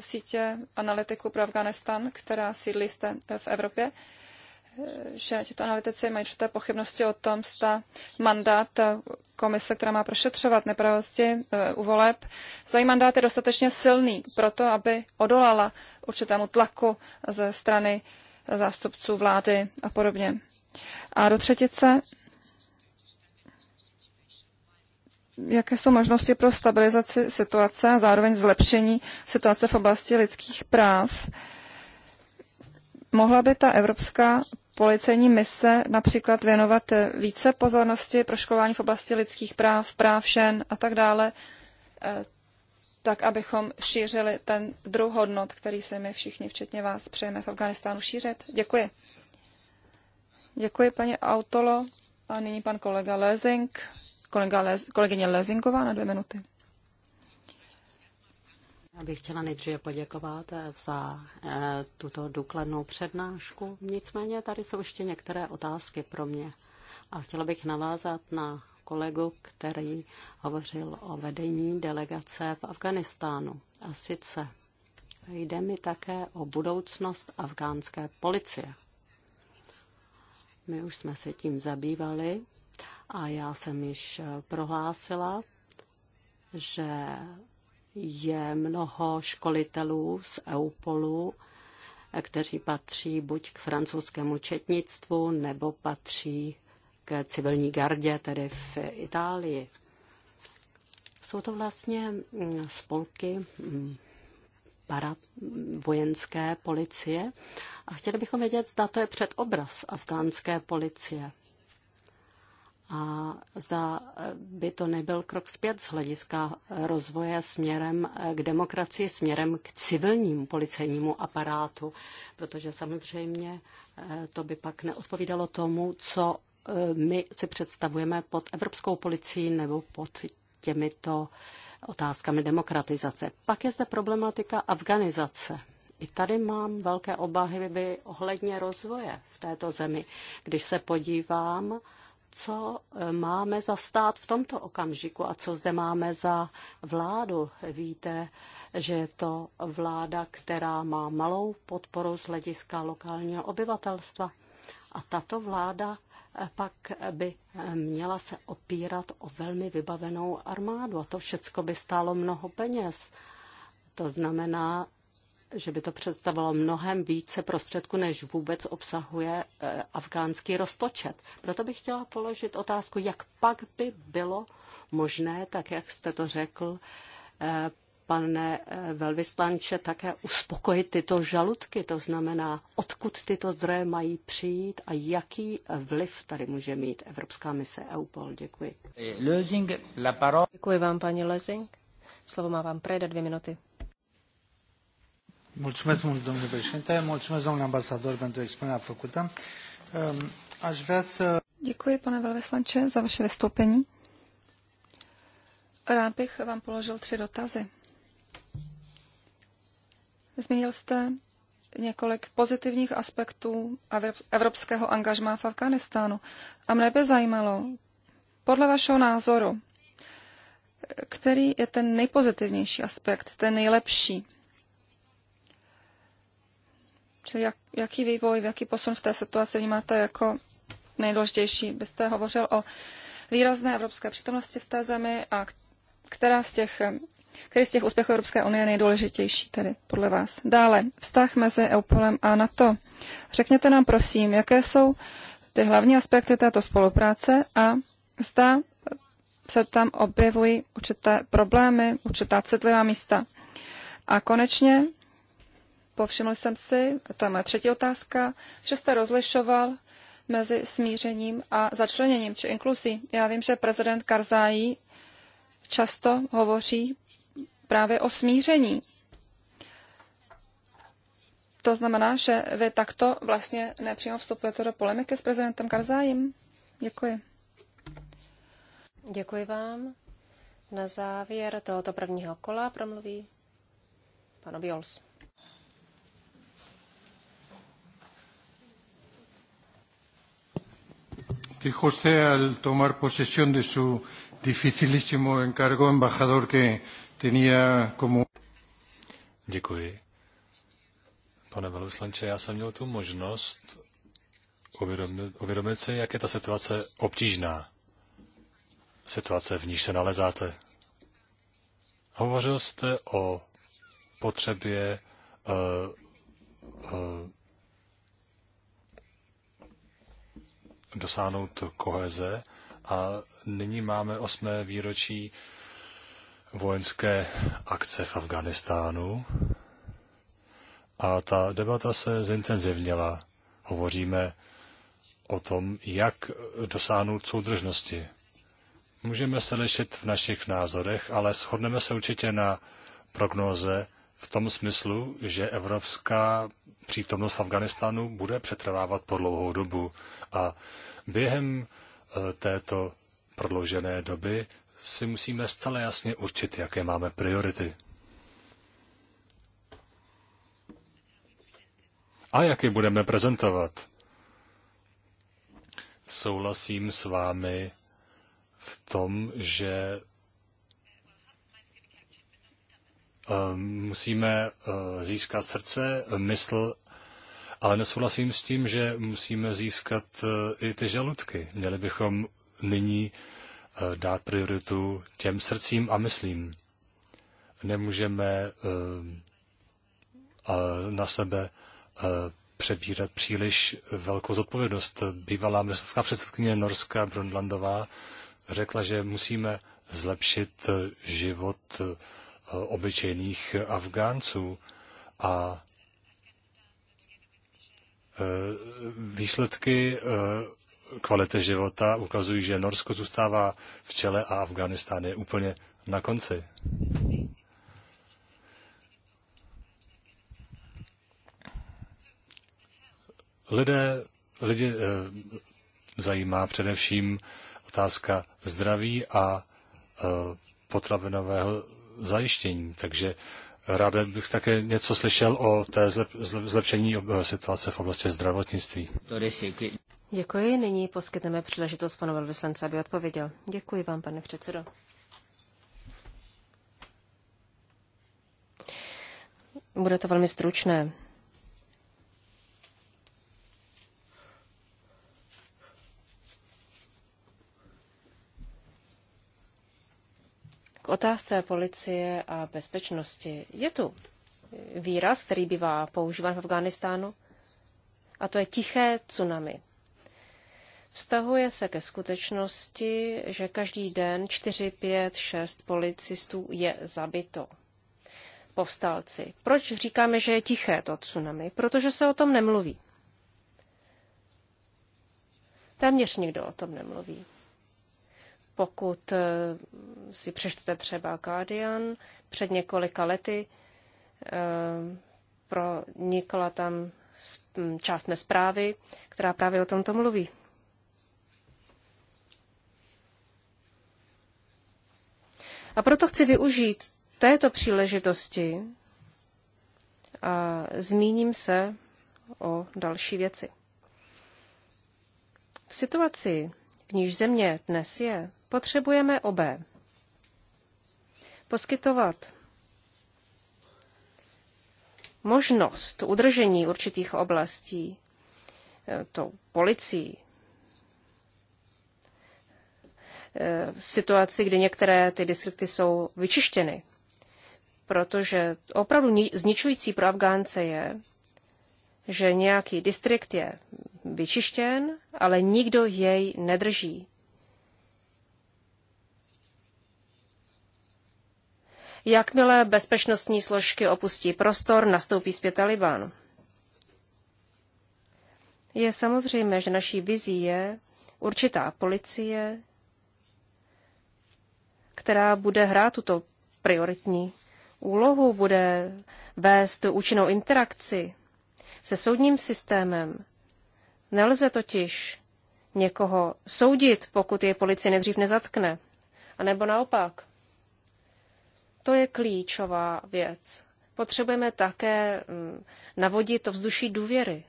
sítě analytiků pro Afganistan, která sídlí jste v Evropě, že tito analytici mají určité pochybnosti o tom, zda mandát komise, která má prošetřovat nepravosti eh, u voleb, zda její mandát je dostatečně silný pro to, aby odolala určitému tlaku ze strany zástupců vlády a podobně. A do třetice, jaké jsou možnosti pro stabilizaci situace a zároveň zlepšení situace v oblasti lidských práv mohla by ta evropská policejní mise například věnovat více pozornosti pro školování v oblasti lidských práv, práv žen a tak dále, eh, tak abychom šířili ten druh hodnot, který se my všichni, včetně vás, přejeme v Afganistánu šířit. Děkuji. Děkuji, paní Autolo. A nyní pan kolega Lezing, kolega Lez, kolegyně Lezingová na dvě minuty. Já bych chtěla nejdříve poděkovat za eh, tuto důkladnou přednášku. Nicméně tady jsou ještě některé otázky pro mě. A chtěla bych navázat na kolegu, který hovořil o vedení delegace v Afganistánu. A sice jde mi také o budoucnost afgánské policie. My už jsme se tím zabývali a já jsem již prohlásila, že je mnoho školitelů z EUPOLu, kteří patří buď k francouzskému četnictvu nebo patří k civilní gardě, tedy v Itálii. Jsou to vlastně mm, spolky mm, para vojenské policie a chtěli bychom vědět, zda to je předobraz afgánské policie a zda eh, by to nebyl krok zpět z hlediska eh, rozvoje směrem eh, k demokracii, směrem k civilnímu policejnímu aparátu, protože samozřejmě to by pak neodpovídalo tomu, co my si představujeme pod evropskou policií nebo pod těmito otázkami demokratizace. Pak je zde problematika afganizace. I tady mám velké obavy ohledně rozvoje v této zemi. Když se podívám, co eh, máme za stát v tomto okamžiku a co zde máme za vládu. Víte, že je to vláda, která má malou podporu z hlediska lokálního obyvatelstva. A tato vláda eh, pak by eh, měla se opírat o velmi vybavenou armádu a to všecko by stálo mnoho peněz. To znamená, že by to představovalo mnohem více prostředku, než vůbec obsahuje eh, afgánský rozpočet. Proto bych chtěla položit otázku, jak pak by bylo možné, tak jak jste to řekl, eh, pane eh, velvyslanče, také uspokojit tyto žaludky, to znamená, odkud tyto zdroje mají přijít a jaký vliv tady může mít Evropská mise EUPOL. Děkuji. la Děkuji vám, paní Lezing. Slovo má vám Preda, dvě minuty. Mulțumesc mult, domnule președinte. Mulțumesc, domnule ambasador, pentru expunerea făcută. Um, aș vrea să... Děkuji, pane velvyslanče, za vaše vystoupení. Rád bych vám položil tři dotazy. Zmínil jste několik pozitivních aspektů evropského angažmá v Afghánistánu. A mne by zajímalo, podle vašeho názoru, který je ten nejpozitivnější aspekt, ten nejlepší Čili jak, jaký vývoj, jaký posun v té situaci vnímáte jako nejdůležitější? Byste hovořil o výrazné evropské přítomnosti v té zemi a která z těch, který z těch úspěchů Evropské unie je nejdůležitější tedy podle vás? Dále, vztah mezi EUPOLem a NATO. Řekněte nám prosím, jaké jsou ty hlavní aspekty této spolupráce a zda se tam objevují určité problémy, určitá citlivá místa. A konečně Povšiml jsem si, to je moje třetí otázka, že jste rozlišoval mezi smířením a začleněním či inkluzí. Já vím, že prezident Karzají často hovoří právě o smíření. To znamená, že vy takto vlastně nepřímo vstupujete do polemiky s prezidentem Karzájem. Děkuji. Děkuji vám. Na závěr tohoto prvního kola promluví pan Bjols. que José, al tomar posesión de su dificilísimo encargo embajador que tenía como. Děkuji. Pane velvyslanče, já jsem měl tu možnost uvědomit, uvědomit si, jak je ta situace obtížná. Situace, v níž se nalezáte. Hovořil jste o potřebě uh, uh, dosáhnout koheze a nyní máme osmé výročí vojenské akce v Afganistánu a ta debata se zintenzivněla. Hovoříme o tom, jak dosáhnout soudržnosti. Můžeme se lišit v našich názorech, ale shodneme se určitě na prognóze, v tom smyslu, že evropská přítomnost v Afganistánu bude přetrvávat po dlouhou dobu. A během e, této prodloužené doby si musíme zcela jasně určit, jaké máme priority. A jak je budeme prezentovat? Souhlasím s vámi v tom, že Ehm, musíme eh, získat srdce, mysl, ale nesouhlasím s tím, že musíme získat eh, i ty žaludky. Měli bychom nyní eh, dát prioritu těm srdcím a myslím. Nemůžeme ehm, na sebe přebírat příliš velkou zodpovědnost. Bývalá městská předsedkyně Norska Brundlandová řekla, že musíme zlepšit život obyčejných Afgánců. A e, výsledky e, kvality života ukazují, že Norsko zůstává v čele a Afganistán je úplně na konci. Lidé, lidi e, zajímá především otázka zdraví a e, potravinového zajištění. Takže ráda bych také něco slyšel o té zlep, zlepšení situace v oblasti zdravotnictví. Děkuji. Nyní poskytneme příležitost panu velvyslance, aby odpověděl. Děkuji vám, pane předsedo. Bude to velmi stručné. K otázce policie a bezpečnosti. Je tu výraz, který bývá používán v Afganistánu, a to je tiché tsunami. Vztahuje se ke skutečnosti, že každý den 4, 5, 6 policistů je zabito. Povstalci. Proč říkáme, že je tiché to tsunami? Protože se o tom nemluví. Téměř nikdo o tom nemluví. Pokud eh, si přečtete třeba Guardian, před několika lety eh, pronikla tam hm, část mé zprávy, která právě o tomto mluví. A proto chci využít této příležitosti a zmíním se o další věci. V situaci, v níž země dnes je, Potřebujeme obé. Poskytovat možnost udržení určitých oblastí eh, tou policií, eh, v situaci, kdy některé ty distrikty jsou vyčištěny. Protože opravdu zničující pro Afgánce je, že nějaký distrikt je vyčištěn, ale nikdo jej nedrží. Jakmile bezpečnostní složky opustí prostor, nastoupí zpět Taliban. Je samozřejmé, že naší vizí je určitá policie, která bude hrát tuto prioritní úlohu, bude vést účinnou interakci se soudním systémem. Nelze totiž někoho soudit, pokud je policie nejdřív nezatkne. A nebo naopak. To je klíčová věc. Potřebujeme také mm, navodit to vzduší důvěry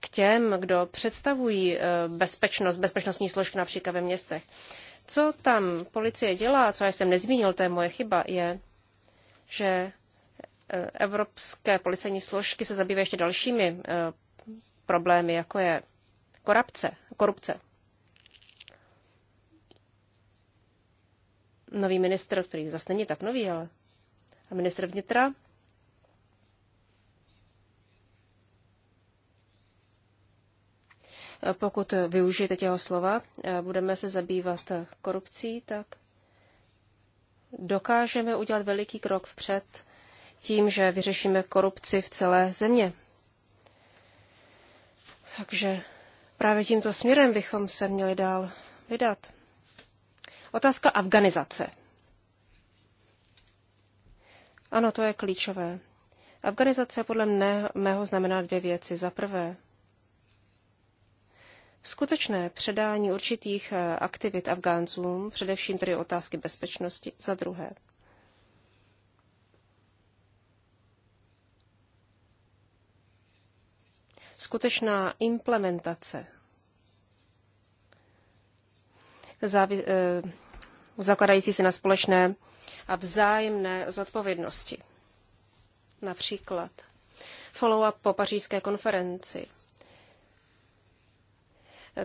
k těm, kdo představují e, bezpečnost, bezpečnostní složky například ve městech. Co tam policie dělá, co já jsem nezmínil, to je moje chyba, je, že e, evropské policejní složky se zabývají ještě dalšími e, problémy, jako je korupce. korupce. nový minister, který zase není tak nový, ale a minister vnitra, pokud využijete těho jeho slova, budeme se zabývat korupcí, tak dokážeme udělat veliký krok vpřed tím, že vyřešíme korupci v celé země. Takže právě tímto směrem bychom se měli dál vydat. Otázka afganizace. Ano, to je klíčové. Afganizace podle mne, mého znamená dvě věci. Za prvé, skutečné předání určitých eh, aktivit Afgáncům, především tedy otázky bezpečnosti. Za druhé, skutečná implementace závi- eh, zakladající se na společné a vzájemné zodpovědnosti. Například follow-up po pařížské konferenci.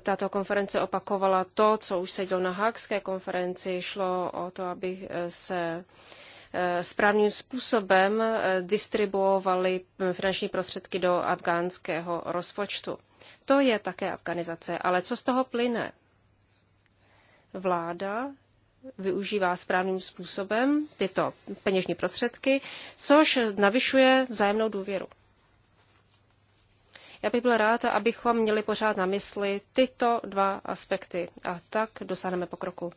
Tato konference opakovala to, co už se dělo na Hákské konferenci. Šlo o to, aby se eh, správným způsobem eh, distribuovaly finanční prostředky do afgánského rozpočtu. To je také afganizace. Ale co z toho plyne? Vláda využívá správným způsobem tyto peněžní prostředky, což navyšuje vzájemnou důvěru. Já bych byla ráda, abychom měli pořád na mysli tyto dva aspekty a tak dosáhneme pokroku.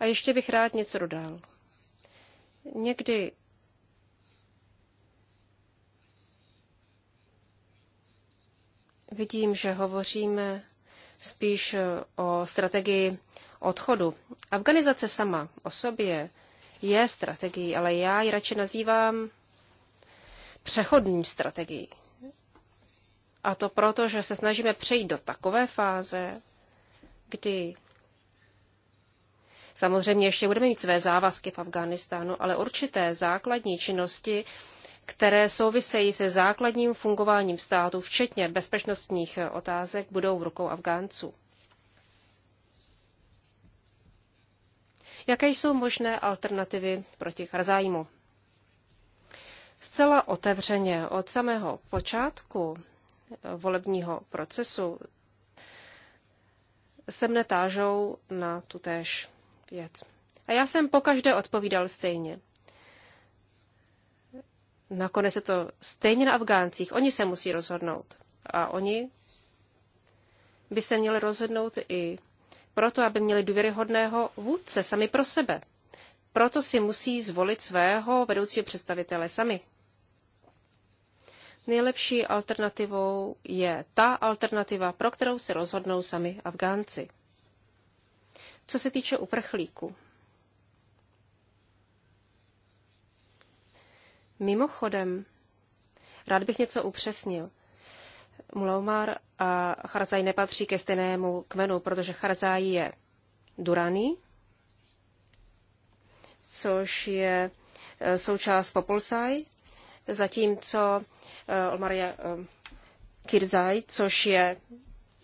A ještě bych rád něco dodal. Někdy vidím, že hovoříme spíš o strategii odchodu. Afganizace sama o sobě je strategií, ale já ji radši nazývám přechodní strategií. A to proto, že se snažíme přejít do takové fáze, kdy samozřejmě ještě budeme mít své závazky v Afganistánu, ale určité základní činnosti, které souvisejí se základním fungováním státu, včetně bezpečnostních otázek, budou v rukou Afgánců. Jaké jsou možné alternativy proti zájmu. Zcela otevřeně od samého počátku volebního procesu se mne tážou na tutéž věc. A já jsem pokaždé odpovídal stejně. Nakonec je to stejně na Afgáncích. Oni se musí rozhodnout. A oni by se měli rozhodnout i proto aby měli důvěryhodného vůdce sami pro sebe. Proto si musí zvolit svého vedoucího představitele sami. Nejlepší alternativou je ta alternativa, pro kterou se rozhodnou sami Afgánci. Co se týče uprchlíků. Mimochodem, rád bych něco upřesnil. Mulaumar a Charzai nepatří ke stejnému kmenu, protože Charzai je Durani, což je e, součást Popolsaj, zatímco e, Olmar je e, Kirzaj, což je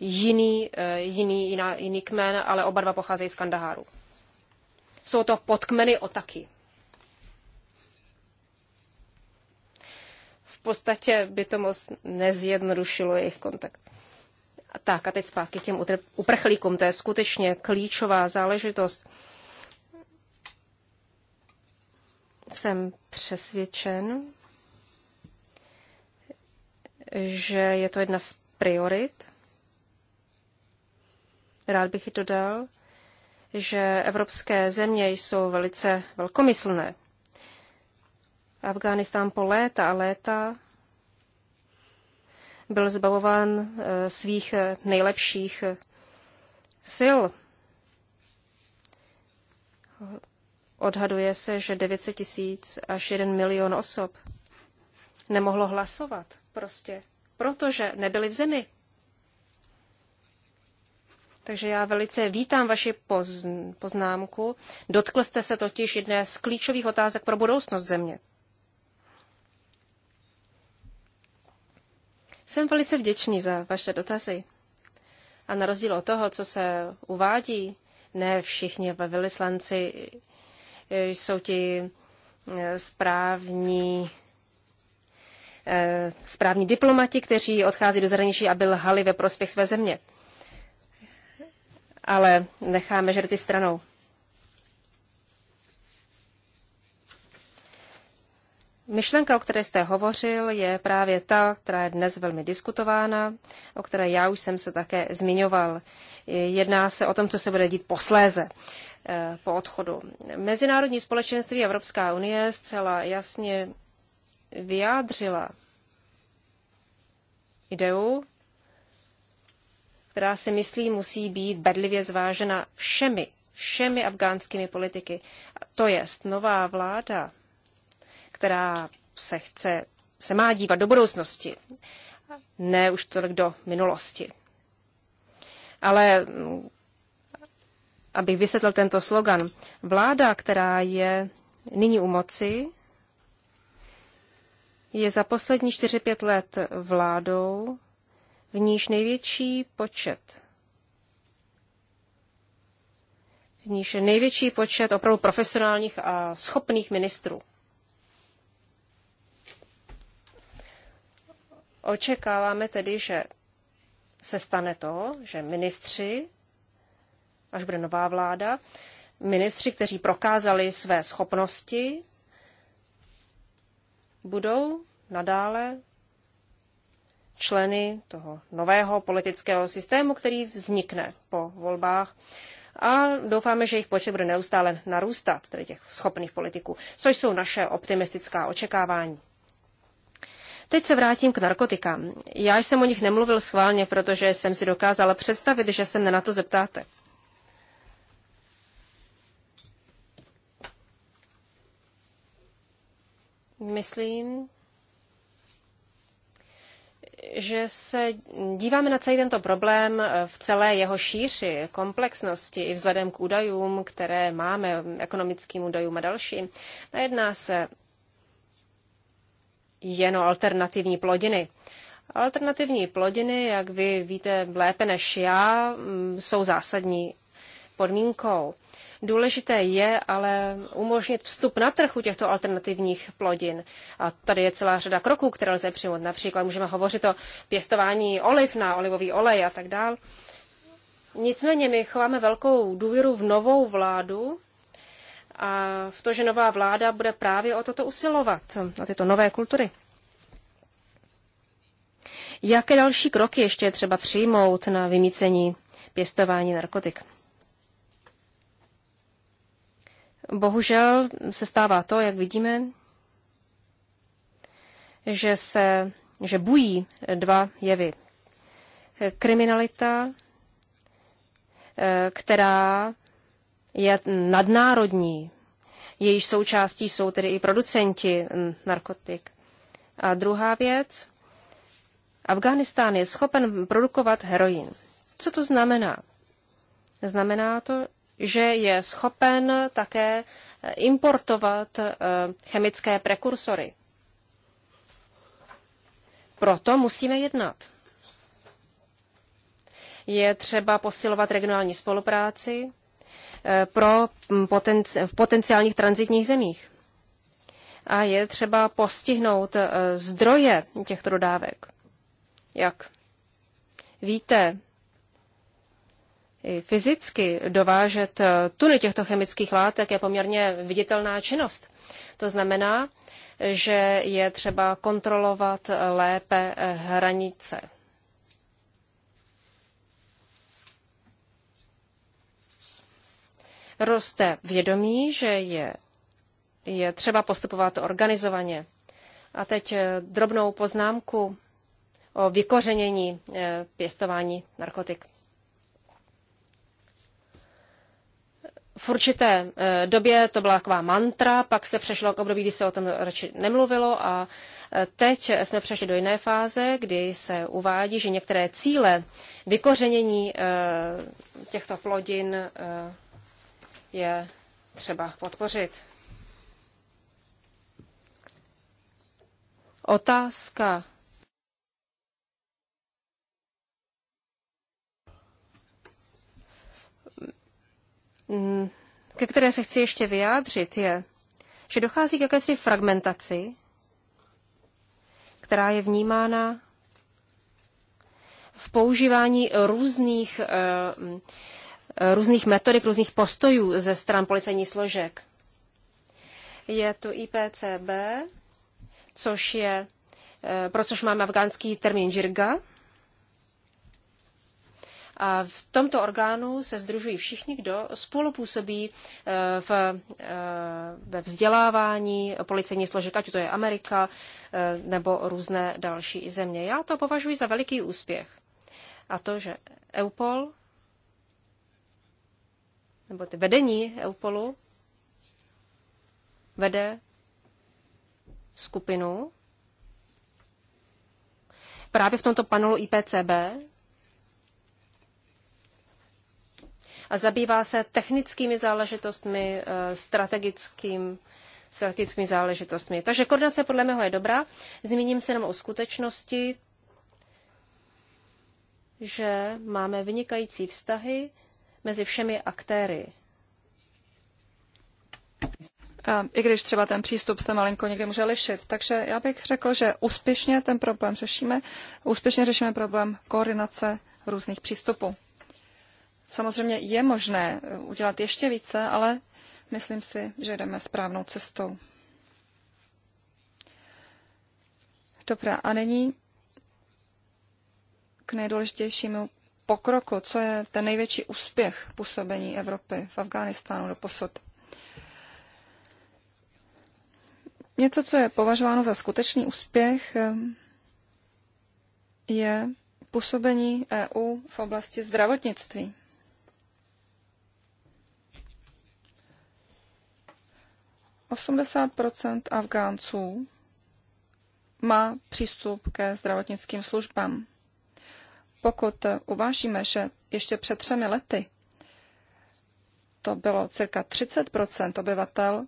jiný, jiný, jiná, jiný kmen, ale oba dva pocházejí z Kandaháru. Jsou to podkmeny Otaky. podstatě by to moc nezjednodušilo jejich kontakt. Tak a teď zpátky k těm uprchlíkům. To je skutečně klíčová záležitost. Jsem přesvědčen, že je to jedna z priorit. Rád bych dodal, že evropské země jsou velice velkomyslné. Afghánistán po léta a léta byl zbavován eh, svých eh, nejlepších eh, sil. Odhaduje se, že 900 tisíc až 1 milion osob nemohlo hlasovat prostě, protože nebyli v zemi. Takže já velice vítám vaši poznámku. Dotkl jste se totiž jedné z klíčových otázek pro budoucnost země. Jsem velice vděčný za vaše dotazy. A na rozdíl od toho, co se uvádí, ne všichni velvyslanci eh, jsou ti eh, správní eh, správní diplomati, kteří odchází do zahraničí aby lhali ve prospěch své země. Ale necháme žerty stranou. Myšlenka, o které jste hovořil, je právě ta, která je dnes velmi diskutována, o které já už jsem se také zmiňoval. Jedná se o tom, co se bude dít posléze eh, po odchodu. Mezinárodní společenství Evropská unie zcela jasně vyjádřila ideu, která si myslí musí být bedlivě zvážena všemi, všemi afgánskými politiky. A to jest nová vláda která se chce, se má dívat do budoucnosti, ne už tolik do minulosti. Ale mm, abych vysvětlil tento slogan, vláda, která je nyní u moci, je za poslední 4-5 let vládou, v níž největší počet v níž je největší počet opravdu profesionálních a schopných ministrů. Očekáváme tedy, že se stane to, že ministři, až bude nová vláda, ministři, kteří prokázali své schopnosti, budou nadále členy toho nového politického systému, který vznikne po volbách. A doufáme, že jejich počet bude neustále narůstat, tedy těch schopných politiků, což jsou naše optimistická očekávání. Teď se vrátím k narkotikám. Já jsem o nich nemluvil schválně, protože jsem si dokázala představit, že se mne na to zeptáte. Myslím, že se díváme na celý tento problém v celé jeho šíři, komplexnosti i vzhledem k údajům, které máme, ekonomickým údajům a dalším. Nejedná se jen o alternativní plodiny. Alternativní plodiny, jak vy víte lépe než já, mm, jsou zásadní podmínkou. Důležité je ale umožnit vstup na trhu těchto alternativních plodin. A tady je celá řada kroků, které lze přijmout. Například můžeme hovořit o pěstování oliv na olivový olej a tak dále. Nicméně my chováme velkou důvěru v novou vládu, a v to, že nová vláda bude právě o toto usilovat, o tyto nové kultury. Jaké další kroky ještě je třeba přijmout na vymícení pěstování narkotik? Bohužel se stává to, jak vidíme, že se že bují dva jevy. Kriminalita, eh, která je nadnárodní. Jejíž součástí jsou tedy i producenti mm, narkotik. A druhá věc, Afghánistán je schopen produkovat heroin. Co to znamená? Znamená to, že je schopen také eh, importovat eh, chemické prekursory. Proto musíme jednat. Je třeba posilovat regionální spolupráci Eh, pro potenci- v potenciálních transitních zemích. A je třeba postihnout eh, zdroje těchto dodávek. Jak? Víte, i fyzicky dovážet eh, tuny těchto chemických látek je poměrně viditelná činnost. To znamená, že je třeba kontrolovat lépe hranice. roste vědomí, že je, je třeba postupovat organizovaně. A teď eh, drobnou poznámku o vykořenění eh, pěstování narkotik. v určité eh, době to byla taková mantra, pak se přešlo k období, kdy se o tom radši nemluvilo a teď jsme přešli do jiné fáze, kdy se uvádí, že některé cíle vykořenění těchto plodin je třeba podpořit. Otázka. Ke které se chci ještě vyjádřit, je, že dochází k jakési fragmentaci, která je vnímána v používání různých uh, různých metodik, různých postojů ze stran policejních složek. Je tu IPCB, což je, eh, pro což máme afgánský termín žirga. A v tomto orgánu se združují všichni, kdo spolupůsobí eh, v, eh, ve vzdělávání policejní složek, ať to je Amerika nebo různé další země. Já to považuji za veliký úspěch. A to, že EUPOL nebo ty vedení EUPOLu vede skupinu právě v tomto panelu IPCB a zabývá se technickými záležitostmi, eh, strategickým, strategickými záležitostmi. Takže koordinace podle mého je dobrá. Zmíním se jenom o skutečnosti, že máme vynikající vztahy mezi všemi aktéry. I když třeba ten přístup se malinko někdy může lišit. Takže já bych řekl, že úspěšně ten problém řešíme, úspěšně řešíme problém koordinace různých přístupů. Samozřejmě je možné eh, udělat ještě více, ale myslím si, že jdeme správnou cestou. Dobrá, a nyní k nejdůležitějšímu pokroku, co je ten největší úspěch působení Evropy v Afghánistánu do posud. Něco, co je považováno za skutečný úspěch, je působení EU v oblasti zdravotnictví. Osmdesát Afgánců má přístup ke zdravotnickým službám. Pokud uvážíme, že ještě před třemi lety to bylo cirka 30 obyvatel,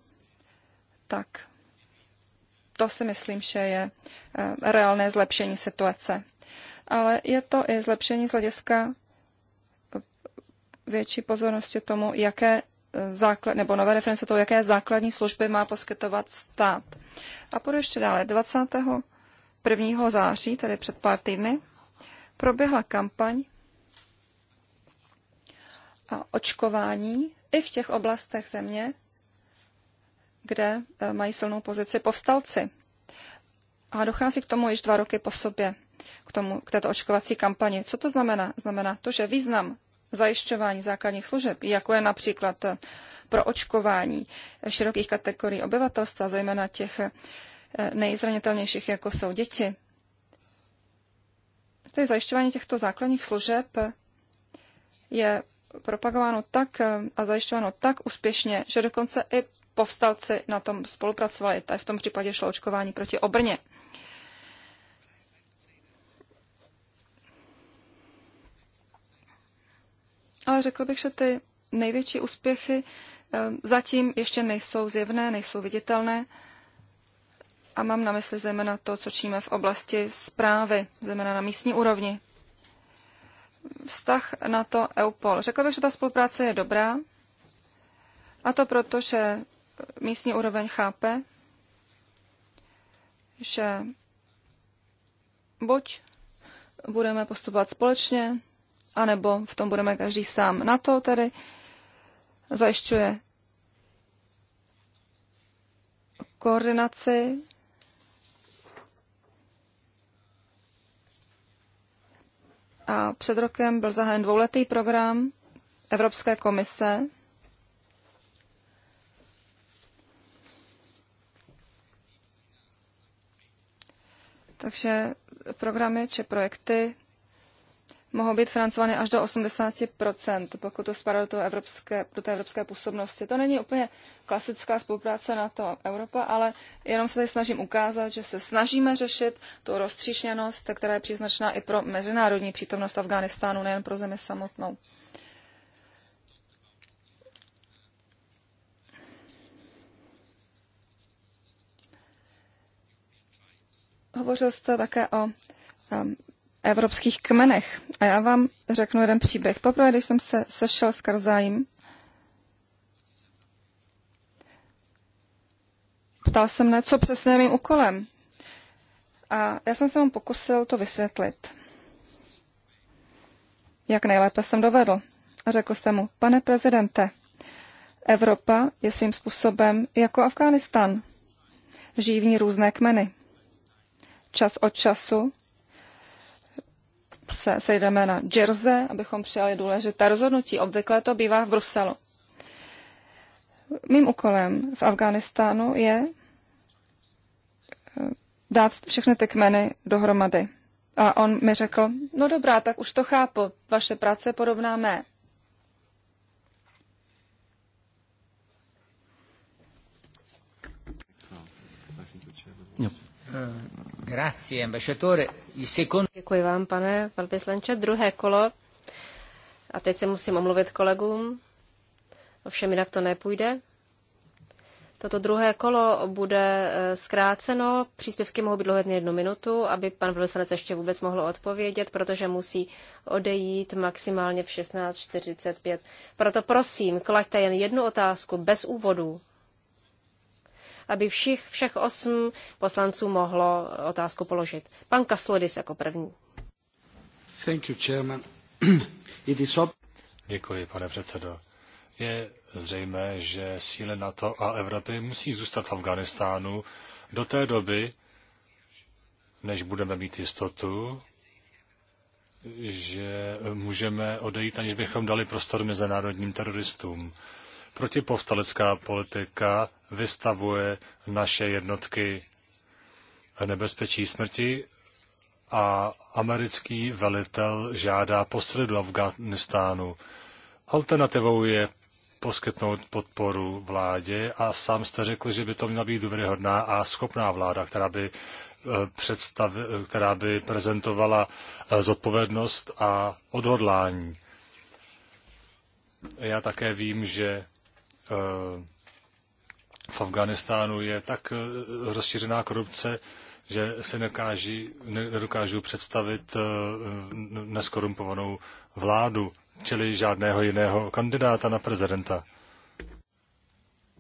tak to si myslím, že je eh, reálné zlepšení situace. Ale je to i zlepšení z hlediska větší pozornosti tomu, jaké eh, základ, nebo nové reference toho, jaké základní služby má poskytovat stát. A půjdu ještě dále. 21. září, tedy před pár týdny, proběhla kampaň a očkování i v těch oblastech země, kde eh, mají silnou pozici povstalci. A dochází k tomu již dva roky po sobě, k, tomu, k této očkovací kampani. Co to znamená? Znamená to, že význam zajišťování základních služeb, jako je například eh, pro očkování širokých kategorií obyvatelstva, zejména těch eh, nejzranitelnějších, jako jsou děti, Tedy zajišťování těchto základních služeb je propagováno tak eh, a zajišťováno tak úspěšně, že dokonce i povstalci na tom spolupracovali. Tady v tom případě šlo očkování proti obrně. Ale řekl bych, že ty největší úspěchy eh, zatím ještě nejsou zjevné, nejsou viditelné a mám na mysli zejména to, co číme v oblasti zprávy, zejména na místní úrovni. Vztah na to EUPOL. Řekla bych, že ta spolupráce je dobrá, a to proto, že místní úroveň chápe, že buď budeme postupovat společně, anebo v tom budeme každý sám. Na to tedy zajišťuje koordinaci a před rokem byl zahájen dvouletý program Evropské komise, Takže programy či projekty mohou být financovány až do 80%, pokud to spadá do, toho evropské, do té evropské působnosti. To není úplně klasická spolupráce na to Evropa, ale jenom se tady snažím ukázat, že se snažíme řešit tu roztříšněnost, která je příznačná i pro mezinárodní přítomnost Afganistánu, nejen pro zemi samotnou. Hovořil jste také o um, evropských kmenech. A já vám řeknu jeden příběh. Poprvé, když jsem se sešel s Karzajím, ptal jsem mne, co přesně je mým úkolem. A já jsem se mu pokusil to vysvětlit, jak nejlépe jsem dovedl. A řekl jsem mu, pane prezidente, Evropa je svým způsobem jako Afghánistán. Žijí v ní různé kmeny. Čas od času se sejdeme na Jersey, abychom přijali důležité rozhodnutí. Obvykle to bývá v Bruselu. Mým úkolem v Afghánistánu je eh, dát všechny ty kmeny dohromady. A on mi řekl, no dobrá, tak už to chápu, vaše práce je podobná mé. No. Děkuji vám, pane velvyslanče. Druhé kolo. A teď se musím omluvit kolegům. Ovšem jinak to nepůjde. Toto druhé kolo bude eh, zkráceno. Příspěvky mohou být dlouhé jednu minutu, aby pan velvyslanec ještě vůbec mohl odpovědět, protože musí odejít maximálně v 16.45. Proto prosím, klaďte jen jednu otázku bez úvodu aby všich, všech osm poslanců mohlo otázku položit. Pan Kaslodis jako první. Thank you, chairman. It is Děkuji, pane předsedo. Je zřejmé, že síly NATO a Evropy musí zůstat v Afganistánu do té doby, než budeme mít jistotu, že můžeme odejít, aniž bychom dali prostor mezinárodním teroristům protipovstalecká politika vystavuje naše jednotky nebezpečí smrti a americký velitel žádá postřed Afganistánu. Alternativou je poskytnout podporu vládě a sám jste řekl, že by to měla být důvěryhodná a schopná vláda, která by, eh, představ, eh, která by prezentovala eh, zodpovědnost a odhodlání. Já také vím, že Eh, v Afganistánu je tak eh, rozšířená korupce, že si nekáží, nedokážu představit eh, neskorumpovanou vládu, čili žádného jiného kandidáta na prezidenta.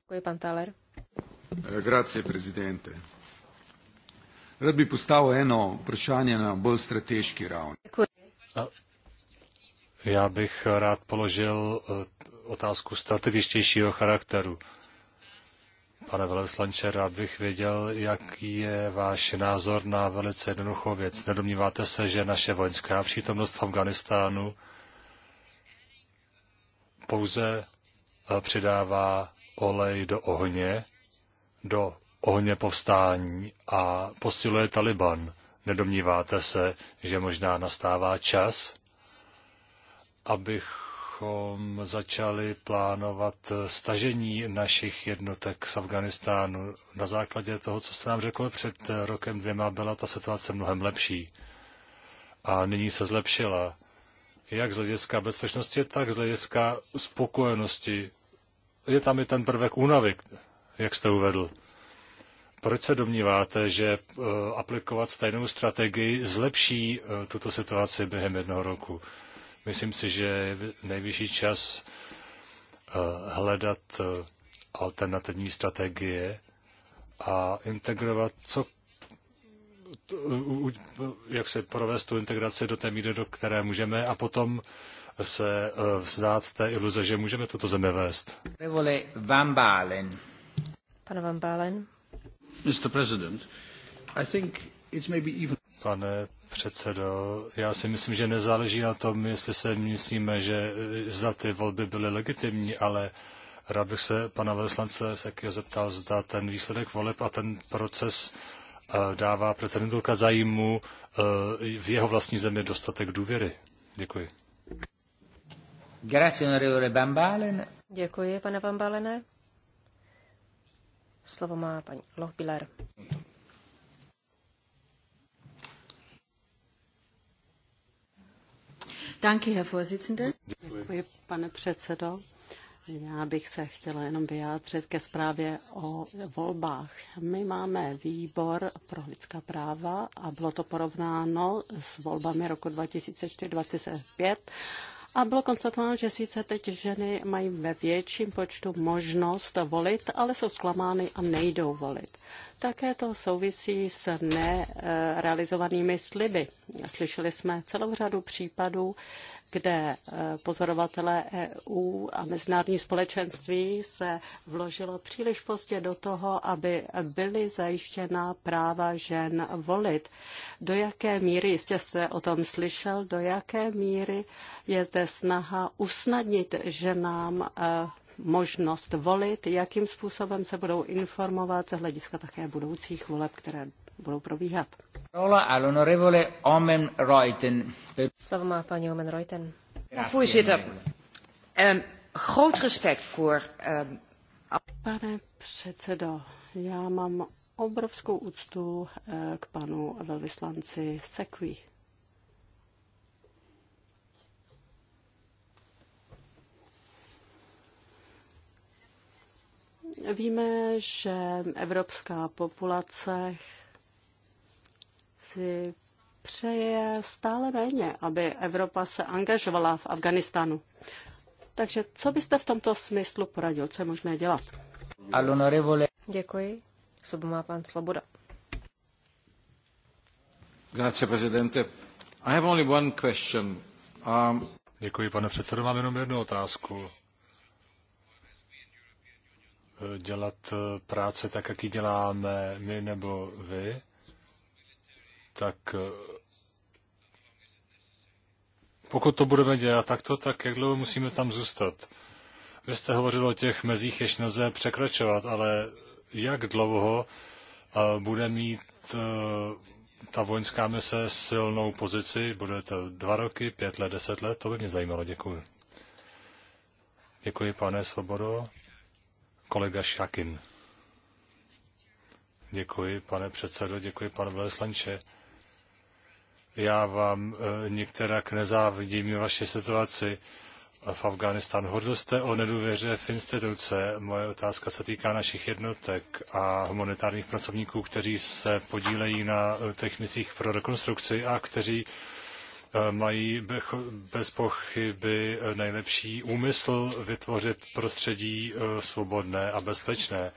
Děkuji, pan Thaler. Grazie, prezidente. Rád bych postavil jedno vprašanje na bolj strategický rávn. Já bych rád položil otázku strategičtějšího charakteru. Pane veleslanče, rád bych věděl, jaký je váš názor na velice jednoduchou věc. Nedomníváte se, že naše vojenská přítomnost v Afganistánu pouze eh, přidává olej do ohně, do ohně povstání a posiluje Taliban. Nedomníváte se, že možná nastává čas, abych abychom začali plánovat stažení našich jednotek z Afganistánu. Na základě toho, co jste nám řekl před rokem dvěma, byla ta situace mnohem lepší. A nyní se zlepšila. Jak z hlediska bezpečnosti, tak z hlediska spokojenosti. Je tam i ten prvek únavy, jak jste uvedl. Proč se domníváte, že eh, aplikovat stejnou strategii zlepší eh, tuto situaci během jednoho roku? Myslím si, že je nejvyšší čas eh, hledat eh, alternativní strategie a integrovat, co, jak se provést tu integraci do té míry, do které můžeme a potom se eh, vzdát té iluze, že můžeme toto zemi vést. Van Balen. Van Balen. Mr. President, I think it's maybe even pane předsedo. Já si myslím, že nezáleží na tom, jestli se myslíme, že eh, za ty volby byly legitimní, ale rád bych se pana Veslance Sekio zeptal, zda ten výsledek voleb a ten proces eh, dává prezidentu Kazajímu eh, v jeho vlastní zemi dostatek důvěry. Děkuji. Děkuji, pane Van Slovo má paní Lohbiller. Danke, Herr Vorsitzender. Děkuji, pane předsedo. Já bych se chtěla jenom vyjádřit ke zprávě o volbách. My máme výbor pro lidská práva a bylo to porovnáno s volbami roku 2004-2005 a bylo konstatováno, že sice teď ženy mají ve větším počtu možnost volit, ale jsou zklamány a nejdou volit. Také to souvisí s nerealizovanými sliby. Slyšeli jsme celou řadu případů, kde eh, pozorovatelé EU a mezinárodní společenství se vložilo příliš pozdě do toho, aby byly zajištěna práva žen volit. Do jaké míry, jistě jste o tom slyšel, do jaké míry je zde snaha usnadnit ženám eh, možnost volit, jakým způsobem se budou informovat z hlediska také budoucích voleb, které budou probíhat. Slovo má paní Omen Reuten. Ehm, ehm, Pane předsedo, já mám obrovskou úctu eh, k panu velvyslanci Sekvi. Víme, že evropská populace si přeje stále méně, aby Evropa se angažovala v Afganistánu. Takže co byste v tomto smyslu poradil, co je možné dělat? Děkuji. Slovo má pan Sloboda. Grazie, prezidente. I have only one question. Um... Děkuji, pane předsedo. Mám jenom jednu otázku dělat eh, práce tak, jak ji děláme my nebo vy, tak eh, pokud to budeme dělat takto, tak jak dlouho musíme tam zůstat? Vy jste hovořil o těch mezích, jež nelze překračovat, ale jak dlouho eh, bude mít ta vojenská mise silnou pozici? Bude to dva roky, pět let, deset let? To by mě zajímalo. Děkuji. Děkuji, pane Svobodo kolega Šakin. Děkuji, pane předsedo, děkuji, pane veleslanče. Já vám e, některak nezávidím vaši situaci v Afganistánu. Hodl jste o nedůvěře v instituce. Moje otázka se týká našich jednotek a humanitárních pracovníků, kteří se podílejí na misích eh, pro rekonstrukci a kteří Eh, mají bez pochyby eh, nejlepší úmysl vytvořit prostředí eh, svobodné a bezpečné.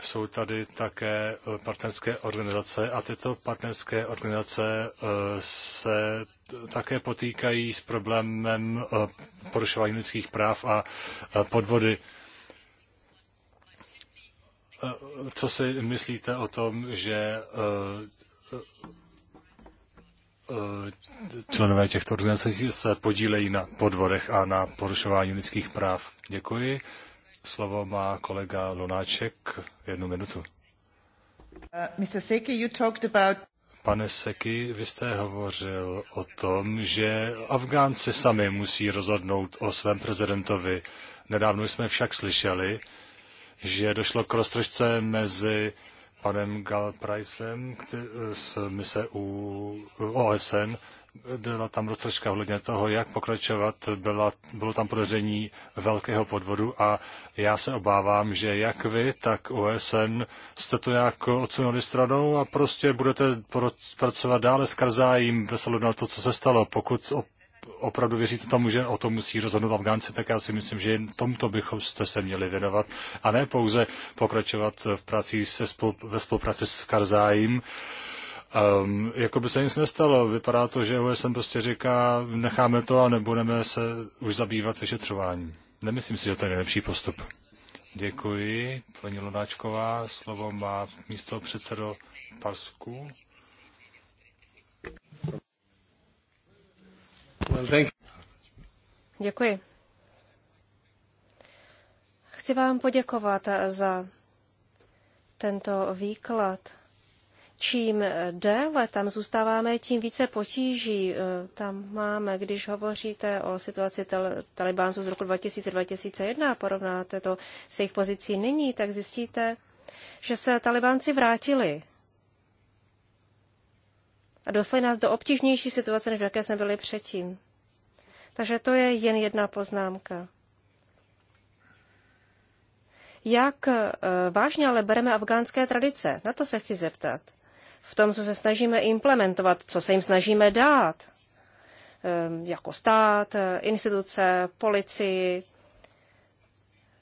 Jsou tady také partnerské organizace a tyto partnerské organizace se také potýkají s problémem porušování lidských práv a podvody. Co si myslíte o tom, že Eh, členové těchto organizací se podílejí na podvodech a na porušování lidských práv. Děkuji. Slovo má kolega Lunáček. Jednu minutu. Eh, Pane Seky, vy jste hovořil o tom, že Afgánci sami musí rozhodnout o svém prezidentovi. Nedávno jsme však slyšeli, že došlo k roztržce mezi panem Gal z mise u OSN. Byla tam roztržka ohledně toho, jak pokračovat. Byla, bylo tam podezření velkého podvodu a já se obávám, že jak vy, tak OSN jste to nějak odsunuli stranou a prostě budete pracovat dále s Karzájím bez na to, co se stalo. Pokud opravdu věříte tomu, že o tom musí rozhodnout Afgánci, tak já si myslím, že tomuto bychom jste se měli věnovat a ne pouze pokračovat v práci se spol- ve spolupráci s Karzájím. Um, jako by se nic nestalo. Vypadá to, že OSN prostě říká, necháme to a nebudeme se už zabývat vyšetřováním. Nemyslím si, že to je nejlepší postup. Děkuji. Paní Lunáčková, slovo má místo předsedo Pasku. Děkuji. Chci vám poděkovat za tento výklad. Čím déle tam zůstáváme, tím více potíží eh, tam máme, když hovoříte o situaci tel- Talibánců z roku 2000-2001 a porovnáte to s jejich pozicí nyní, tak zjistíte, že se Talibánci vrátili a dostali nás do obtížnější situace, než v jaké jsme byli předtím. Takže to je jen jedna poznámka. Jak eh, vážně ale bereme afgánské tradice? Na to se chci zeptat. V tom, co se snažíme implementovat, co se jim snažíme dát, ehm, jako stát, eh, instituce, policii,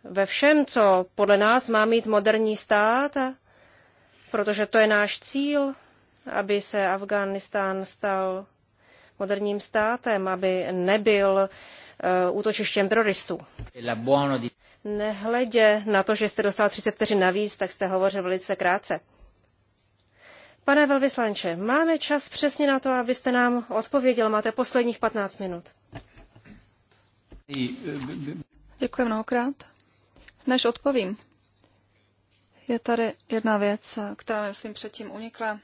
ve všem, co podle nás má mít moderní stát, eh, protože to je náš cíl, aby se Afghánistán stal moderním státem, aby nebyl uh, útočištěm teroristů. Nehledě na to, že jste dostal 30 vteřin navíc, tak jste hovořil velice krátce. Pane velvyslanče, máme čas přesně na to, abyste nám odpověděl. Máte posledních 15 minut. Děkuji mnohokrát. Než odpovím, je tady jedna věc, která mi, myslím, předtím unikla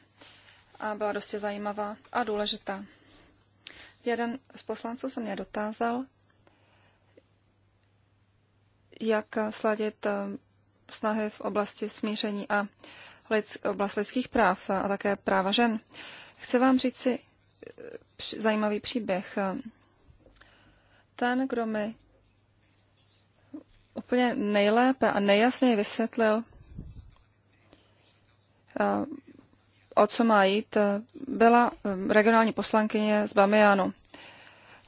a byla dosti zajímavá a důležitá. Jeden z poslanců se mě dotázal, jak sladit eh, snahy v oblasti smíření a oblast lidských práv a také práva žen. Chci vám říct si eh, zajímavý příběh. Ten, kdo mi úplně nejlépe a nejjasněji vysvětlil eh, o co má jít, byla eh, regionální poslankyně z Bamiánu,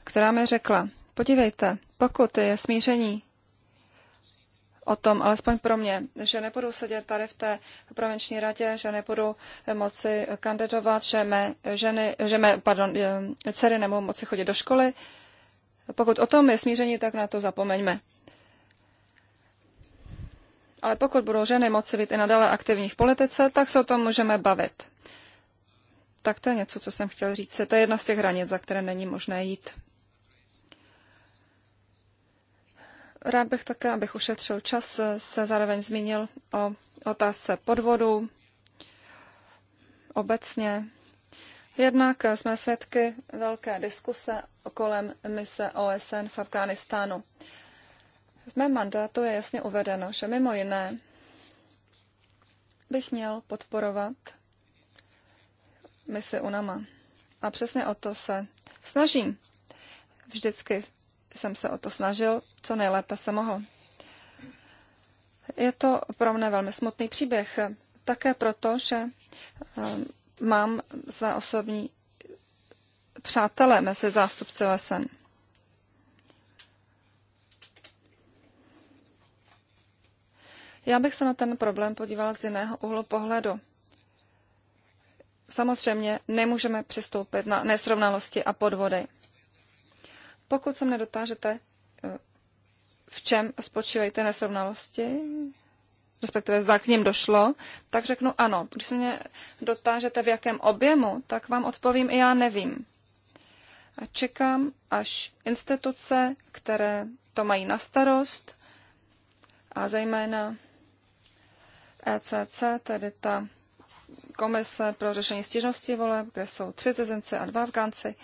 která mi řekla, podívejte, pokud je smíření o tom, alespoň pro mě, že nebudu sedět tady v té provinční radě, že nebudu eh, moci kandidovat, že mé, ženy, že mé pardon, eh, dcery nemohou moci chodit do školy. Pokud o tom je smíření, tak na to zapomeňme. Ale pokud budou ženy moci být i nadále aktivní v politice, tak se o tom můžeme bavit. Tak to je něco, co jsem chtěl říct. To je jedna z těch hranic, za které není možné jít. Rád bych také, abych ušetřil čas, se zároveň zmínil o otázce podvodu obecně. Jednak jsme svědky velké diskuse kolem mise OSN v Afghánistánu. V mém mandátu je jasně uvedeno, že mimo jiné bych měl podporovat misi UNAMA. A přesně o to se snažím. Vždycky jsem se o to snažil, co nejlépe se mohl. Je to pro mne velmi smutný příběh. Také proto, že eh, mám své osobní přátelé mezi zástupci OSN. Já bych se na ten problém podívala z jiného úhlu pohledu. Samozřejmě nemůžeme přistoupit na nesrovnalosti a podvody. Pokud se mne dotážete, eh, v čem spočívají ty nesrovnalosti, respektive zda k ním došlo, tak řeknu ano. Když se mě dotážete, v jakém objemu, tak vám odpovím i já nevím. A čekám, až instituce, které to mají na starost, a zejména ECC, tedy ta komise pro řešení stížností voleb, kde jsou tři cizinci a dva Afgánci.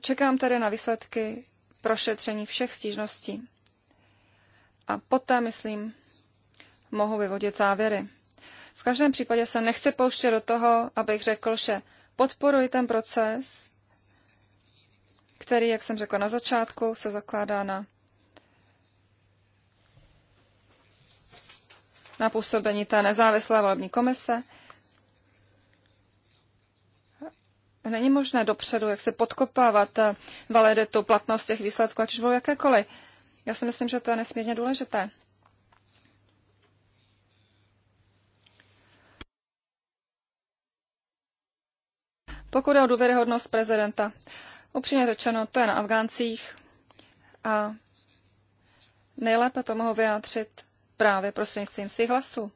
Čekám tedy na výsledky prošetření všech stížností. A poté, myslím, mohu vyvodit závěry. V každém případě se nechci pouštět do toho, abych řekl, že podporuji ten proces, který, jak jsem řekla na začátku, se zakládá na na působení té nezávislé volební komise. Není možné dopředu, jak se podkopávat eh, validitu, platnost těch výsledků, ať už budou jakékoliv. Já si myslím, že to je nesmírně důležité. Pokud je o důvěryhodnost prezidenta, upřímně řečeno, to je na Afgáncích a nejlépe to mohou vyjádřit právě prostřednictvím svých hlasů.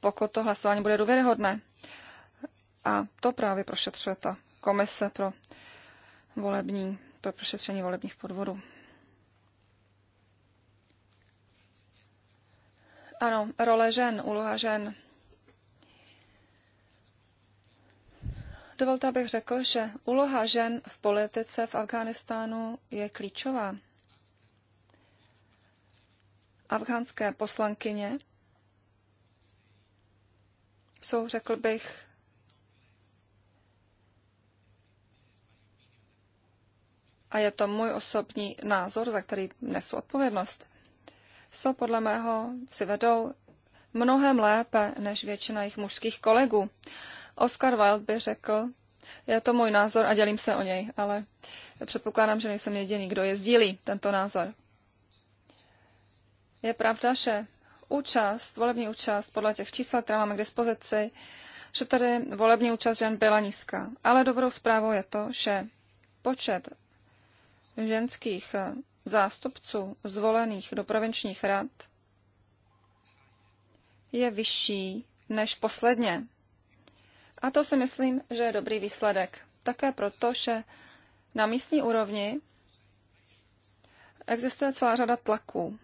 Pokud to hlasování bude důvěryhodné. A to právě prošetřuje ta komise pro volební, pro prošetření volebních podvodů. Ano, role žen, úloha žen. Dovolte, abych řekl, že úloha žen v politice v Afghánistánu je klíčová afghánské poslankyně jsou, řekl bych, a je to můj osobní názor, za který nesu odpovědnost, jsou podle mého si vedou mnohem lépe než většina jejich mužských kolegů. Oscar Wilde by řekl, je to můj názor a dělím se o něj, ale předpokládám, že nejsem jediný, kdo je sdílí tento názor je pravda, že účast, volební účast podle těch čísel, která máme k dispozici, že tady volební účast žen byla nízká. Ale dobrou zprávou je to, že počet ženských eh, zástupců zvolených do provinčních rad je vyšší než posledně. A to si myslím, že je dobrý výsledek. Také proto, že na místní úrovni existuje celá řada tlaků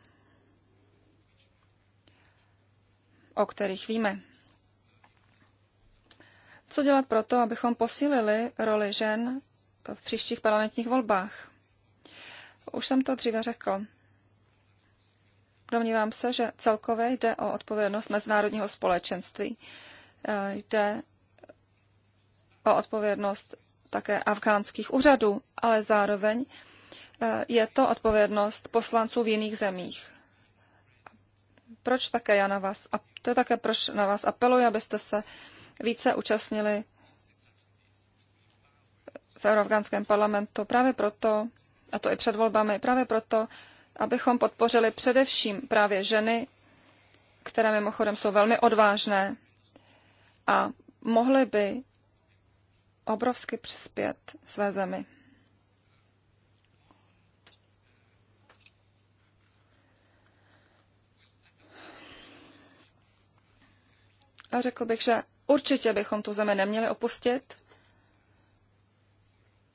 o kterých víme. Co dělat proto, abychom posílili roli žen v příštích parlamentních volbách? Už jsem to dříve řekl. Domnívám se, že celkově jde o odpovědnost mezinárodního společenství. Eh, jde o odpovědnost také afgánských úřadů, ale zároveň eh, je to odpovědnost poslanců v jiných zemích. Proč také já na vás to je také, proč na vás apeluji, abyste se více účastnili v Euroafgánském parlamentu právě proto, a to i před volbami, právě proto, abychom podpořili především právě ženy, které mimochodem jsou velmi odvážné a mohly by obrovsky přispět své zemi. A řekl bych, že určitě bychom tu zemi neměli opustit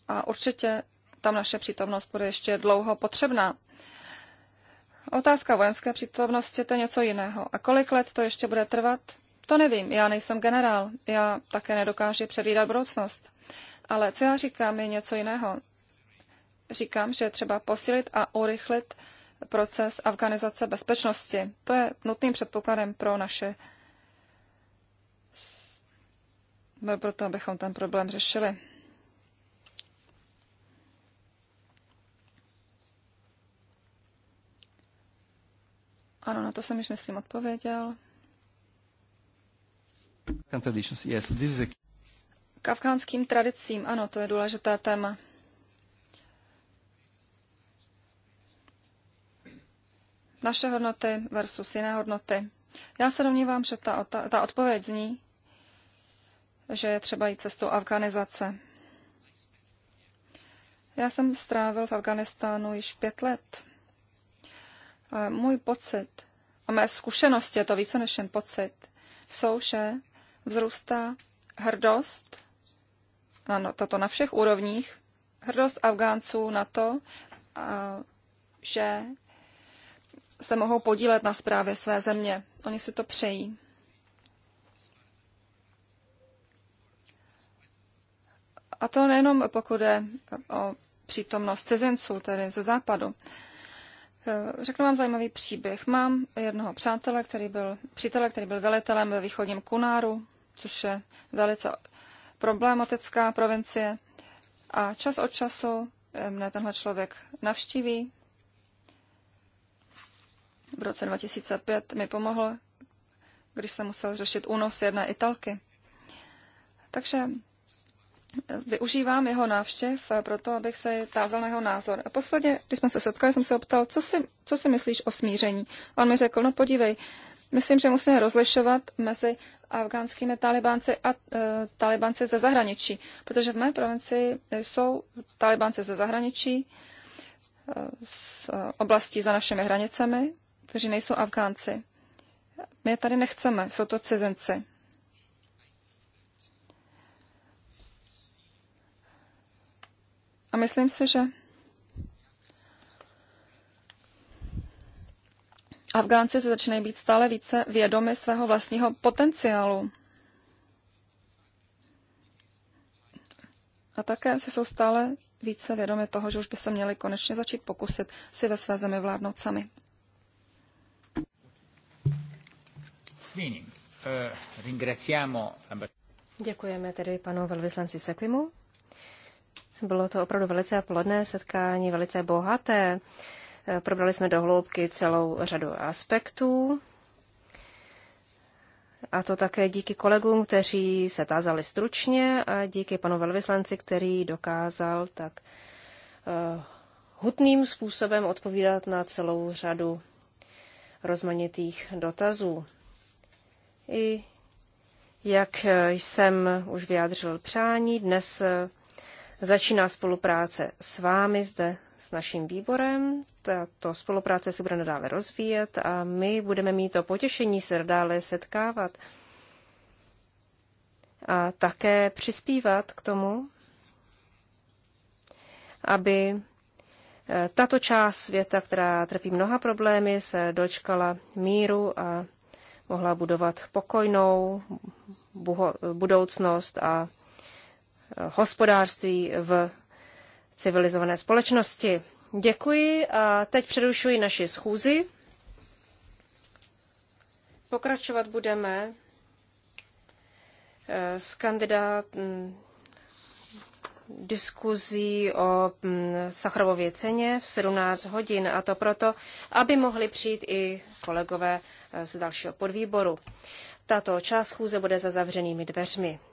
a určitě tam naše přítomnost bude ještě dlouho potřebná. Otázka vojenské přítomnosti to je něco jiného. A kolik let to ještě bude trvat? To nevím, já nejsem generál, já také nedokážu předvídat budoucnost. Ale co já říkám, je něco jiného. Říkám, že je třeba posílit a urychlit proces afganizace bezpečnosti. To je nutným předpokladem pro naše byl proto, abychom ten problém řešili. Ano, na to jsem již, myslím, odpověděl. K afgánským tradicím, ano, to je důležité téma. Naše hodnoty versus jiné hodnoty. Já se domnívám, že ta, ta, ta odpověď zní, že je třeba jít cestou afganizace. Já jsem strávil v Afganistánu již pět let. A můj pocit a mé zkušenosti, je to více než jen pocit, jsou, že vzrůstá hrdost, ano, tato na všech úrovních, hrdost Afgánců na to, a, že se mohou podílet na zprávě své země. Oni si to přejí. A to nejenom pokud je o přítomnost cizinců, tedy ze západu. Eh, řeknu vám zajímavý příběh. Mám jednoho přátele, který byl, přítele, který byl velitelem ve východním Kunáru, což je velice problematická provincie. A čas od času eh, mne tenhle člověk navštíví. V roce 2005 mi pomohl, když jsem musel řešit únos jedné italky. Takže využívám jeho návštěv eh, pro to, abych se tázal na jeho názor. A posledně, když jsme se setkali, jsem se optal, co si, co si myslíš o smíření? A on mi řekl, no podívej, myslím, že musíme rozlišovat mezi afgánskými talibánci a e, talibánci ze zahraničí, protože v mé provincii jsou talibánci ze zahraničí, e, z e, oblastí za našimi hranicemi, kteří nejsou Afgánci. My je tady nechceme, jsou to cizinci. A myslím si, že Afgánci se začínají být stále více vědomi svého vlastního potenciálu. A také si jsou stále více vědomi toho, že už by se měli konečně začít pokusit si ve své zemi vládnout sami. Eh, Děkujeme tedy panu velvyslanci Sekvimu bylo to opravdu velice plodné setkání, velice bohaté. Eh, probrali jsme do hloubky celou řadu aspektů. A to také díky kolegům, kteří se tázali stručně a díky panu velvyslanci, který dokázal tak uh, hutným způsobem odpovídat na celou řadu rozmanitých dotazů. I jak jsem už vyjádřil přání, dnes eh, Začíná spolupráce s vámi zde, s naším výborem. Tato spolupráce se bude nadále rozvíjet a my budeme mít to potěšení se dále setkávat a také přispívat k tomu, aby eh, tato část světa, která trpí mnoha problémy, se dočkala míru a mohla budovat pokojnou budoucnost a hospodářství v civilizované společnosti. Děkuji a teď přerušuji naši schůzi. Pokračovat budeme eh, s kandidát diskuzí o Sacharovově ceně v 17 hodin a to proto, aby mohli přijít i kolegové eh, z dalšího podvýboru. Tato část schůze bude za zavřenými dveřmi.